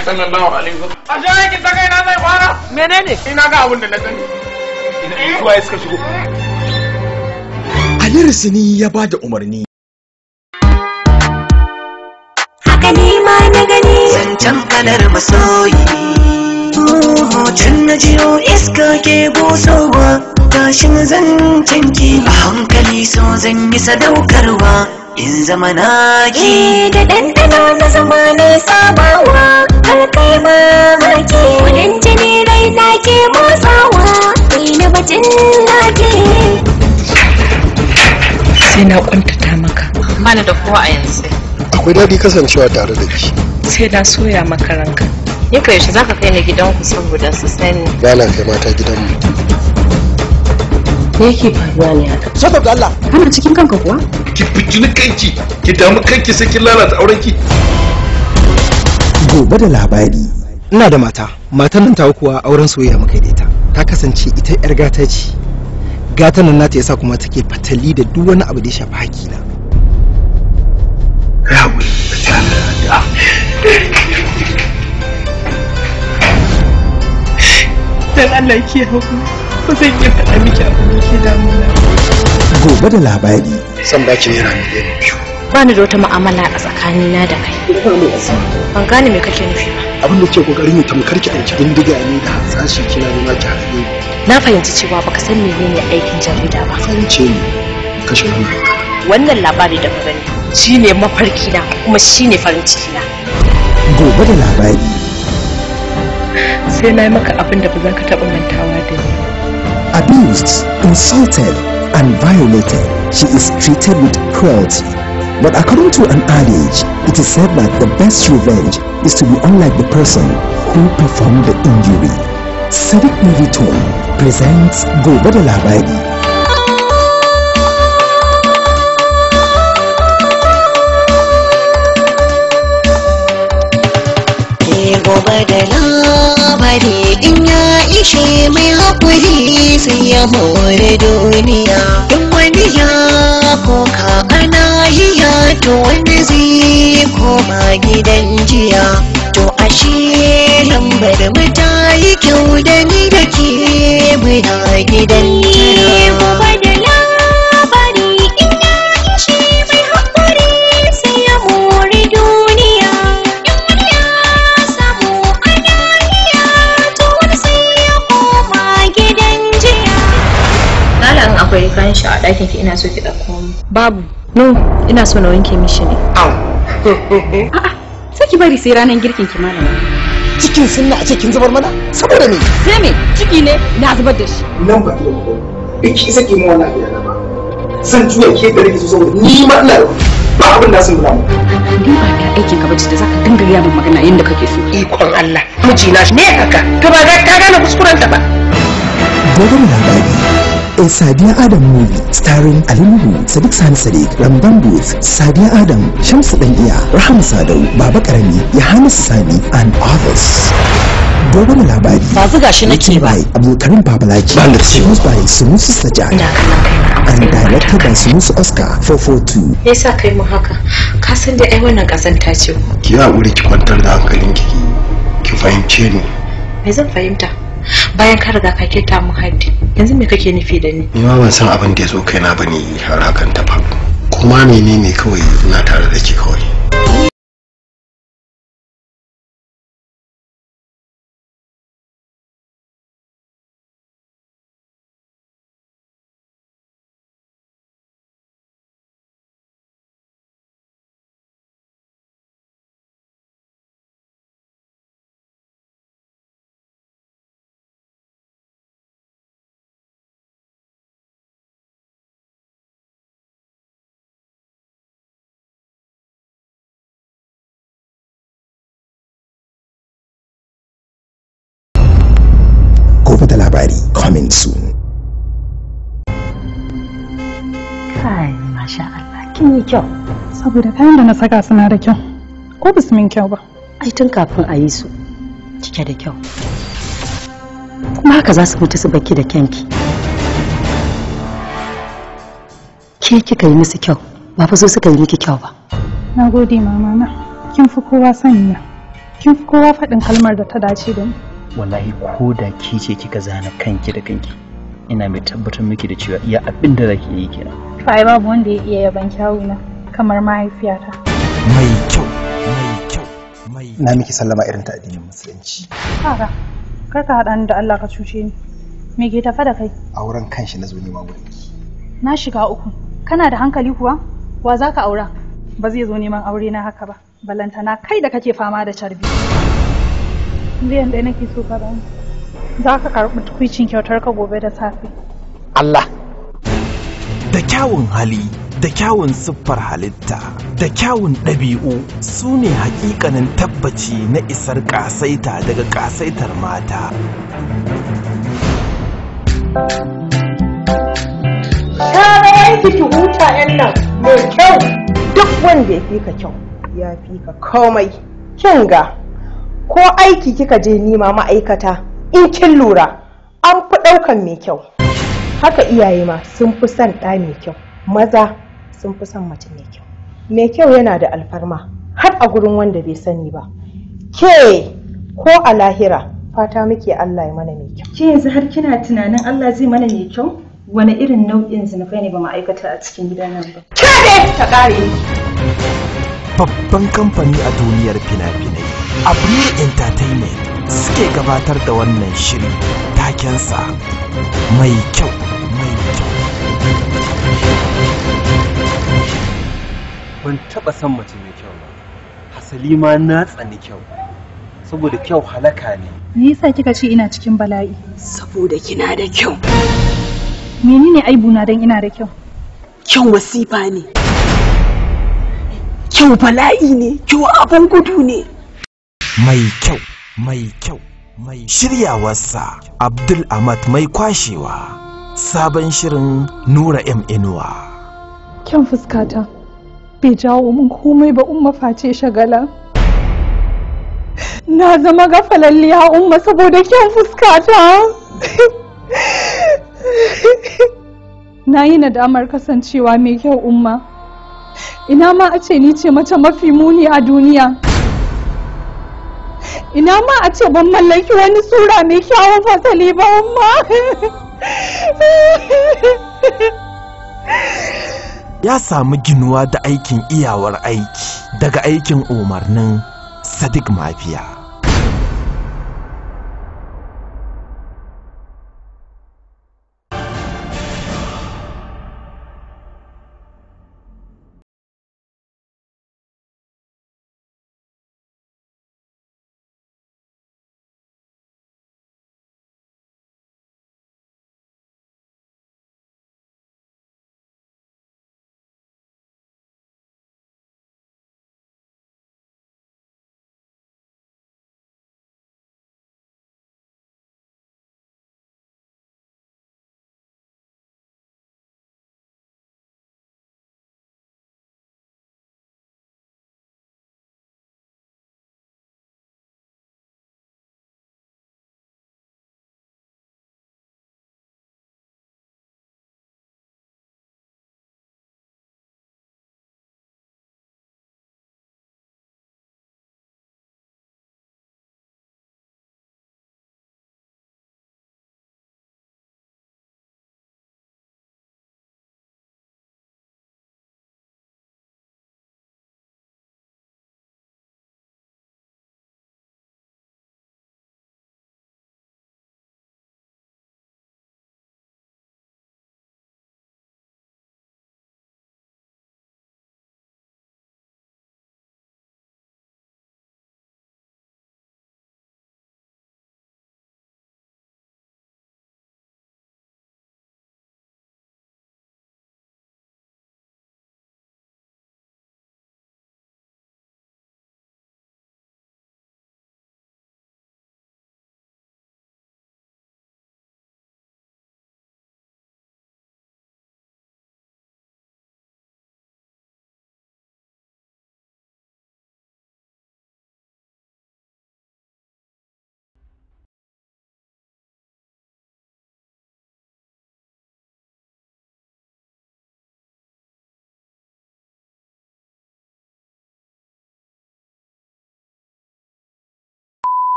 A shi aikin ta kai na zai fara. Menene? Ina ga abin da da na eh? ya ba da umarni haka ni ma na gani zancen kalar masoyi can na jiyo iska ke busowa tashin zancen ki a hankali so zan yi sadaukarwa in zama naki eh, da ɗanɗano na zama na sabawa har kai mamaki wurin jini rai na ke motsawa kai na bacin naki sai na kwantata maka bani da kowa a yanzu akwai daɗi kasancewa tare da ki sai na soya maka ranka ni kai za ka kai ni gidanku saboda su sani ba na kai mata gidanmu me yake faruwa ne haka saboda da Allah kana cikin kanka kuwa ki ni kanki ki damu kanki sai kin lalata aurenki gobe da labari ina da mata matan nan ta kuwa auren soyayya muka da ita ta kasance ita yar gata ce gata nan nata yasa kuma take fatali da duk wani abu da ya shafi hakina Dan Allah ki haƙuri. zan iya faɗa miki abin da ke damuna gobe da labari san baki naira miliyan biyu ba ni da wata mu'amala a tsakanina da kai ban gane me kake nufi ba abin da ke kokarin ya tamkar ki ɗauki bindiga ne da hatsashi kina nuna ki haɗe na fahimci cewa baka san menene aikin jarida ba fahimce ni kashe wannan wannan labari da gani shine mafarki na kuma shine farin ciki na gobe da labari sai na yi maka abin da ba za ka taɓa mantawa da ni abused, insulted, and violated, she is treated with cruelty. But according to an adage, it is said that the best revenge is to be unlike the person who performed the injury. Civic Movie Tone presents Gobe da Labari gobe da ishe mai sun ya more duniya duk wani ya koka ana hiya to wani zai koma gidan jiya to ashe lambar mu ta yi kyau da ni da ke muna gidan jiya akwai kayan shi a ɗakin ki ina so ki ɗauko babu no ina so na wanke mishi ne au sai ki bari sai ranar girkin ki malama cikin sunna a cikin zubar mana saboda me sai me ciki ne na zubar da shi nan ba ki ki isa ki mu wannan gidan ba zan juya ke gare ki saboda ni ma ina ba abin da sun gura mu ni ba aikin ka bace da zaka dinga riya min magana yanda kake so ikon Allah mijina ne haka to ba ka gane kuskuren ta ba dogon labari a Sadiya Adam movie starring Ali Nuhu, Sadiq Sani Sadiq, Ramban Booth, Sadiya Adam, Shamsu Daniya, Rahama Sadau, Baba Karami, Yohana Sani and others. Dogon labari. Ba zuga shi nake ba. Abdulkarim Babalaki. Ba da ciwo. by Sunusu Saja. And director by Sunusu Oscar 442. Me yasa kai mu haka? Ka san da ai wannan kazanta ce. Ki haƙuri ki kwantar da hankalinki. Ki fahimce ni. Me zan fahimta? bayan ka riga ka keta mu haddi yanzu me kake nufi da ni ni ma ban san abin da ya zo kaina bane har hakan ta faru kuma menene kawai ina tare da ke kawai sun yi kyau saboda kayan da na saka suna da kyau ko ba su min kyau ba ai tun kafin a yi su cike da kyau kuma haka za su mutu su baki da kyanki ke kika yi musu kyau ba fa so suka yi miki kyau ba na gode mama na kin fi kowa sanya kin fi kowa faɗin kalmar da ta dace da ni wallahi ko da ke ce kika zana kanki da kanki ina mai tabbatar miki da cewa iya abin da zaki yi kenan fa babu wanda ya iya yaban kyawuna kamar mahaifiyata mai kyau mai kyau mai na miki sallama irin ta addinin musulunci Kaka, kar ka haɗa da Allah ka cuce ni me ke tafa da kai auren kanshi na zo nema wurin ki na shiga uku kana da hankali kuwa wa za ka aura ba zai zo neman aure na haka ba balantana kai da kake fama da carbi miliyan ɗaya nake so ka za ka karɓi tukwicin kyautar ka gobe da safe Allah da kyawun hali da kyawun siffar halitta da kyawun ɗabi'u su ne hakikanin tabbaci na isar ƙasaita daga ƙasaitar mata Tara yanki ki huta yan nan kyau duk wanda ya fi ka kyau ya fi ka komai kin ga ko aiki kika je nima ma'aikata in kin lura an fi ɗaukan mai kyau haka iyaye ma sun fi son ɗa mai kyau maza sun fi son mace mai kyau mai kyau yana da alfarma har a gurin wanda bai sani ba ke ko a lahira fata muke Allah ya mana mai kyau. Ke yanzu har kina tunanin Allah zai mana mai kyau? Wani irin nau'in zinafai ne ba ma'aikata a cikin gidan nan ba? Kare ta ƙare. Babban kamfani a duniyar fina-finai, Abrir Entertainment suke gabatar da wannan shiri takensa mai kyau mai kyau ban taɓa son mace mai kyau ba hasali ma na tsani kyau saboda kyau halaka ne me yasa kika ce ina cikin bala'i saboda kina da kyau menene aibuna don ina da kyau kyau wasifa ne kyau bala'i ne kyau abin gudu ne mai kyau mai kyau mai shiryawarsa abdul ahmad mai kwashewa sabon shirin nura m inuwa kyan fuskata bai jawo min komai ba umma face shagala na zama gafalalliya umma saboda kyan fuskata na yi nadamar kasancewa mai kyau umma ina ma a ce ni ce mace mafi muni a duniya ina ma a ce ban mallaki wani sura mai kyawun fasali ba ya samu ginuwa da aikin iyawar aiki daga aikin umarnin sadiq mafiya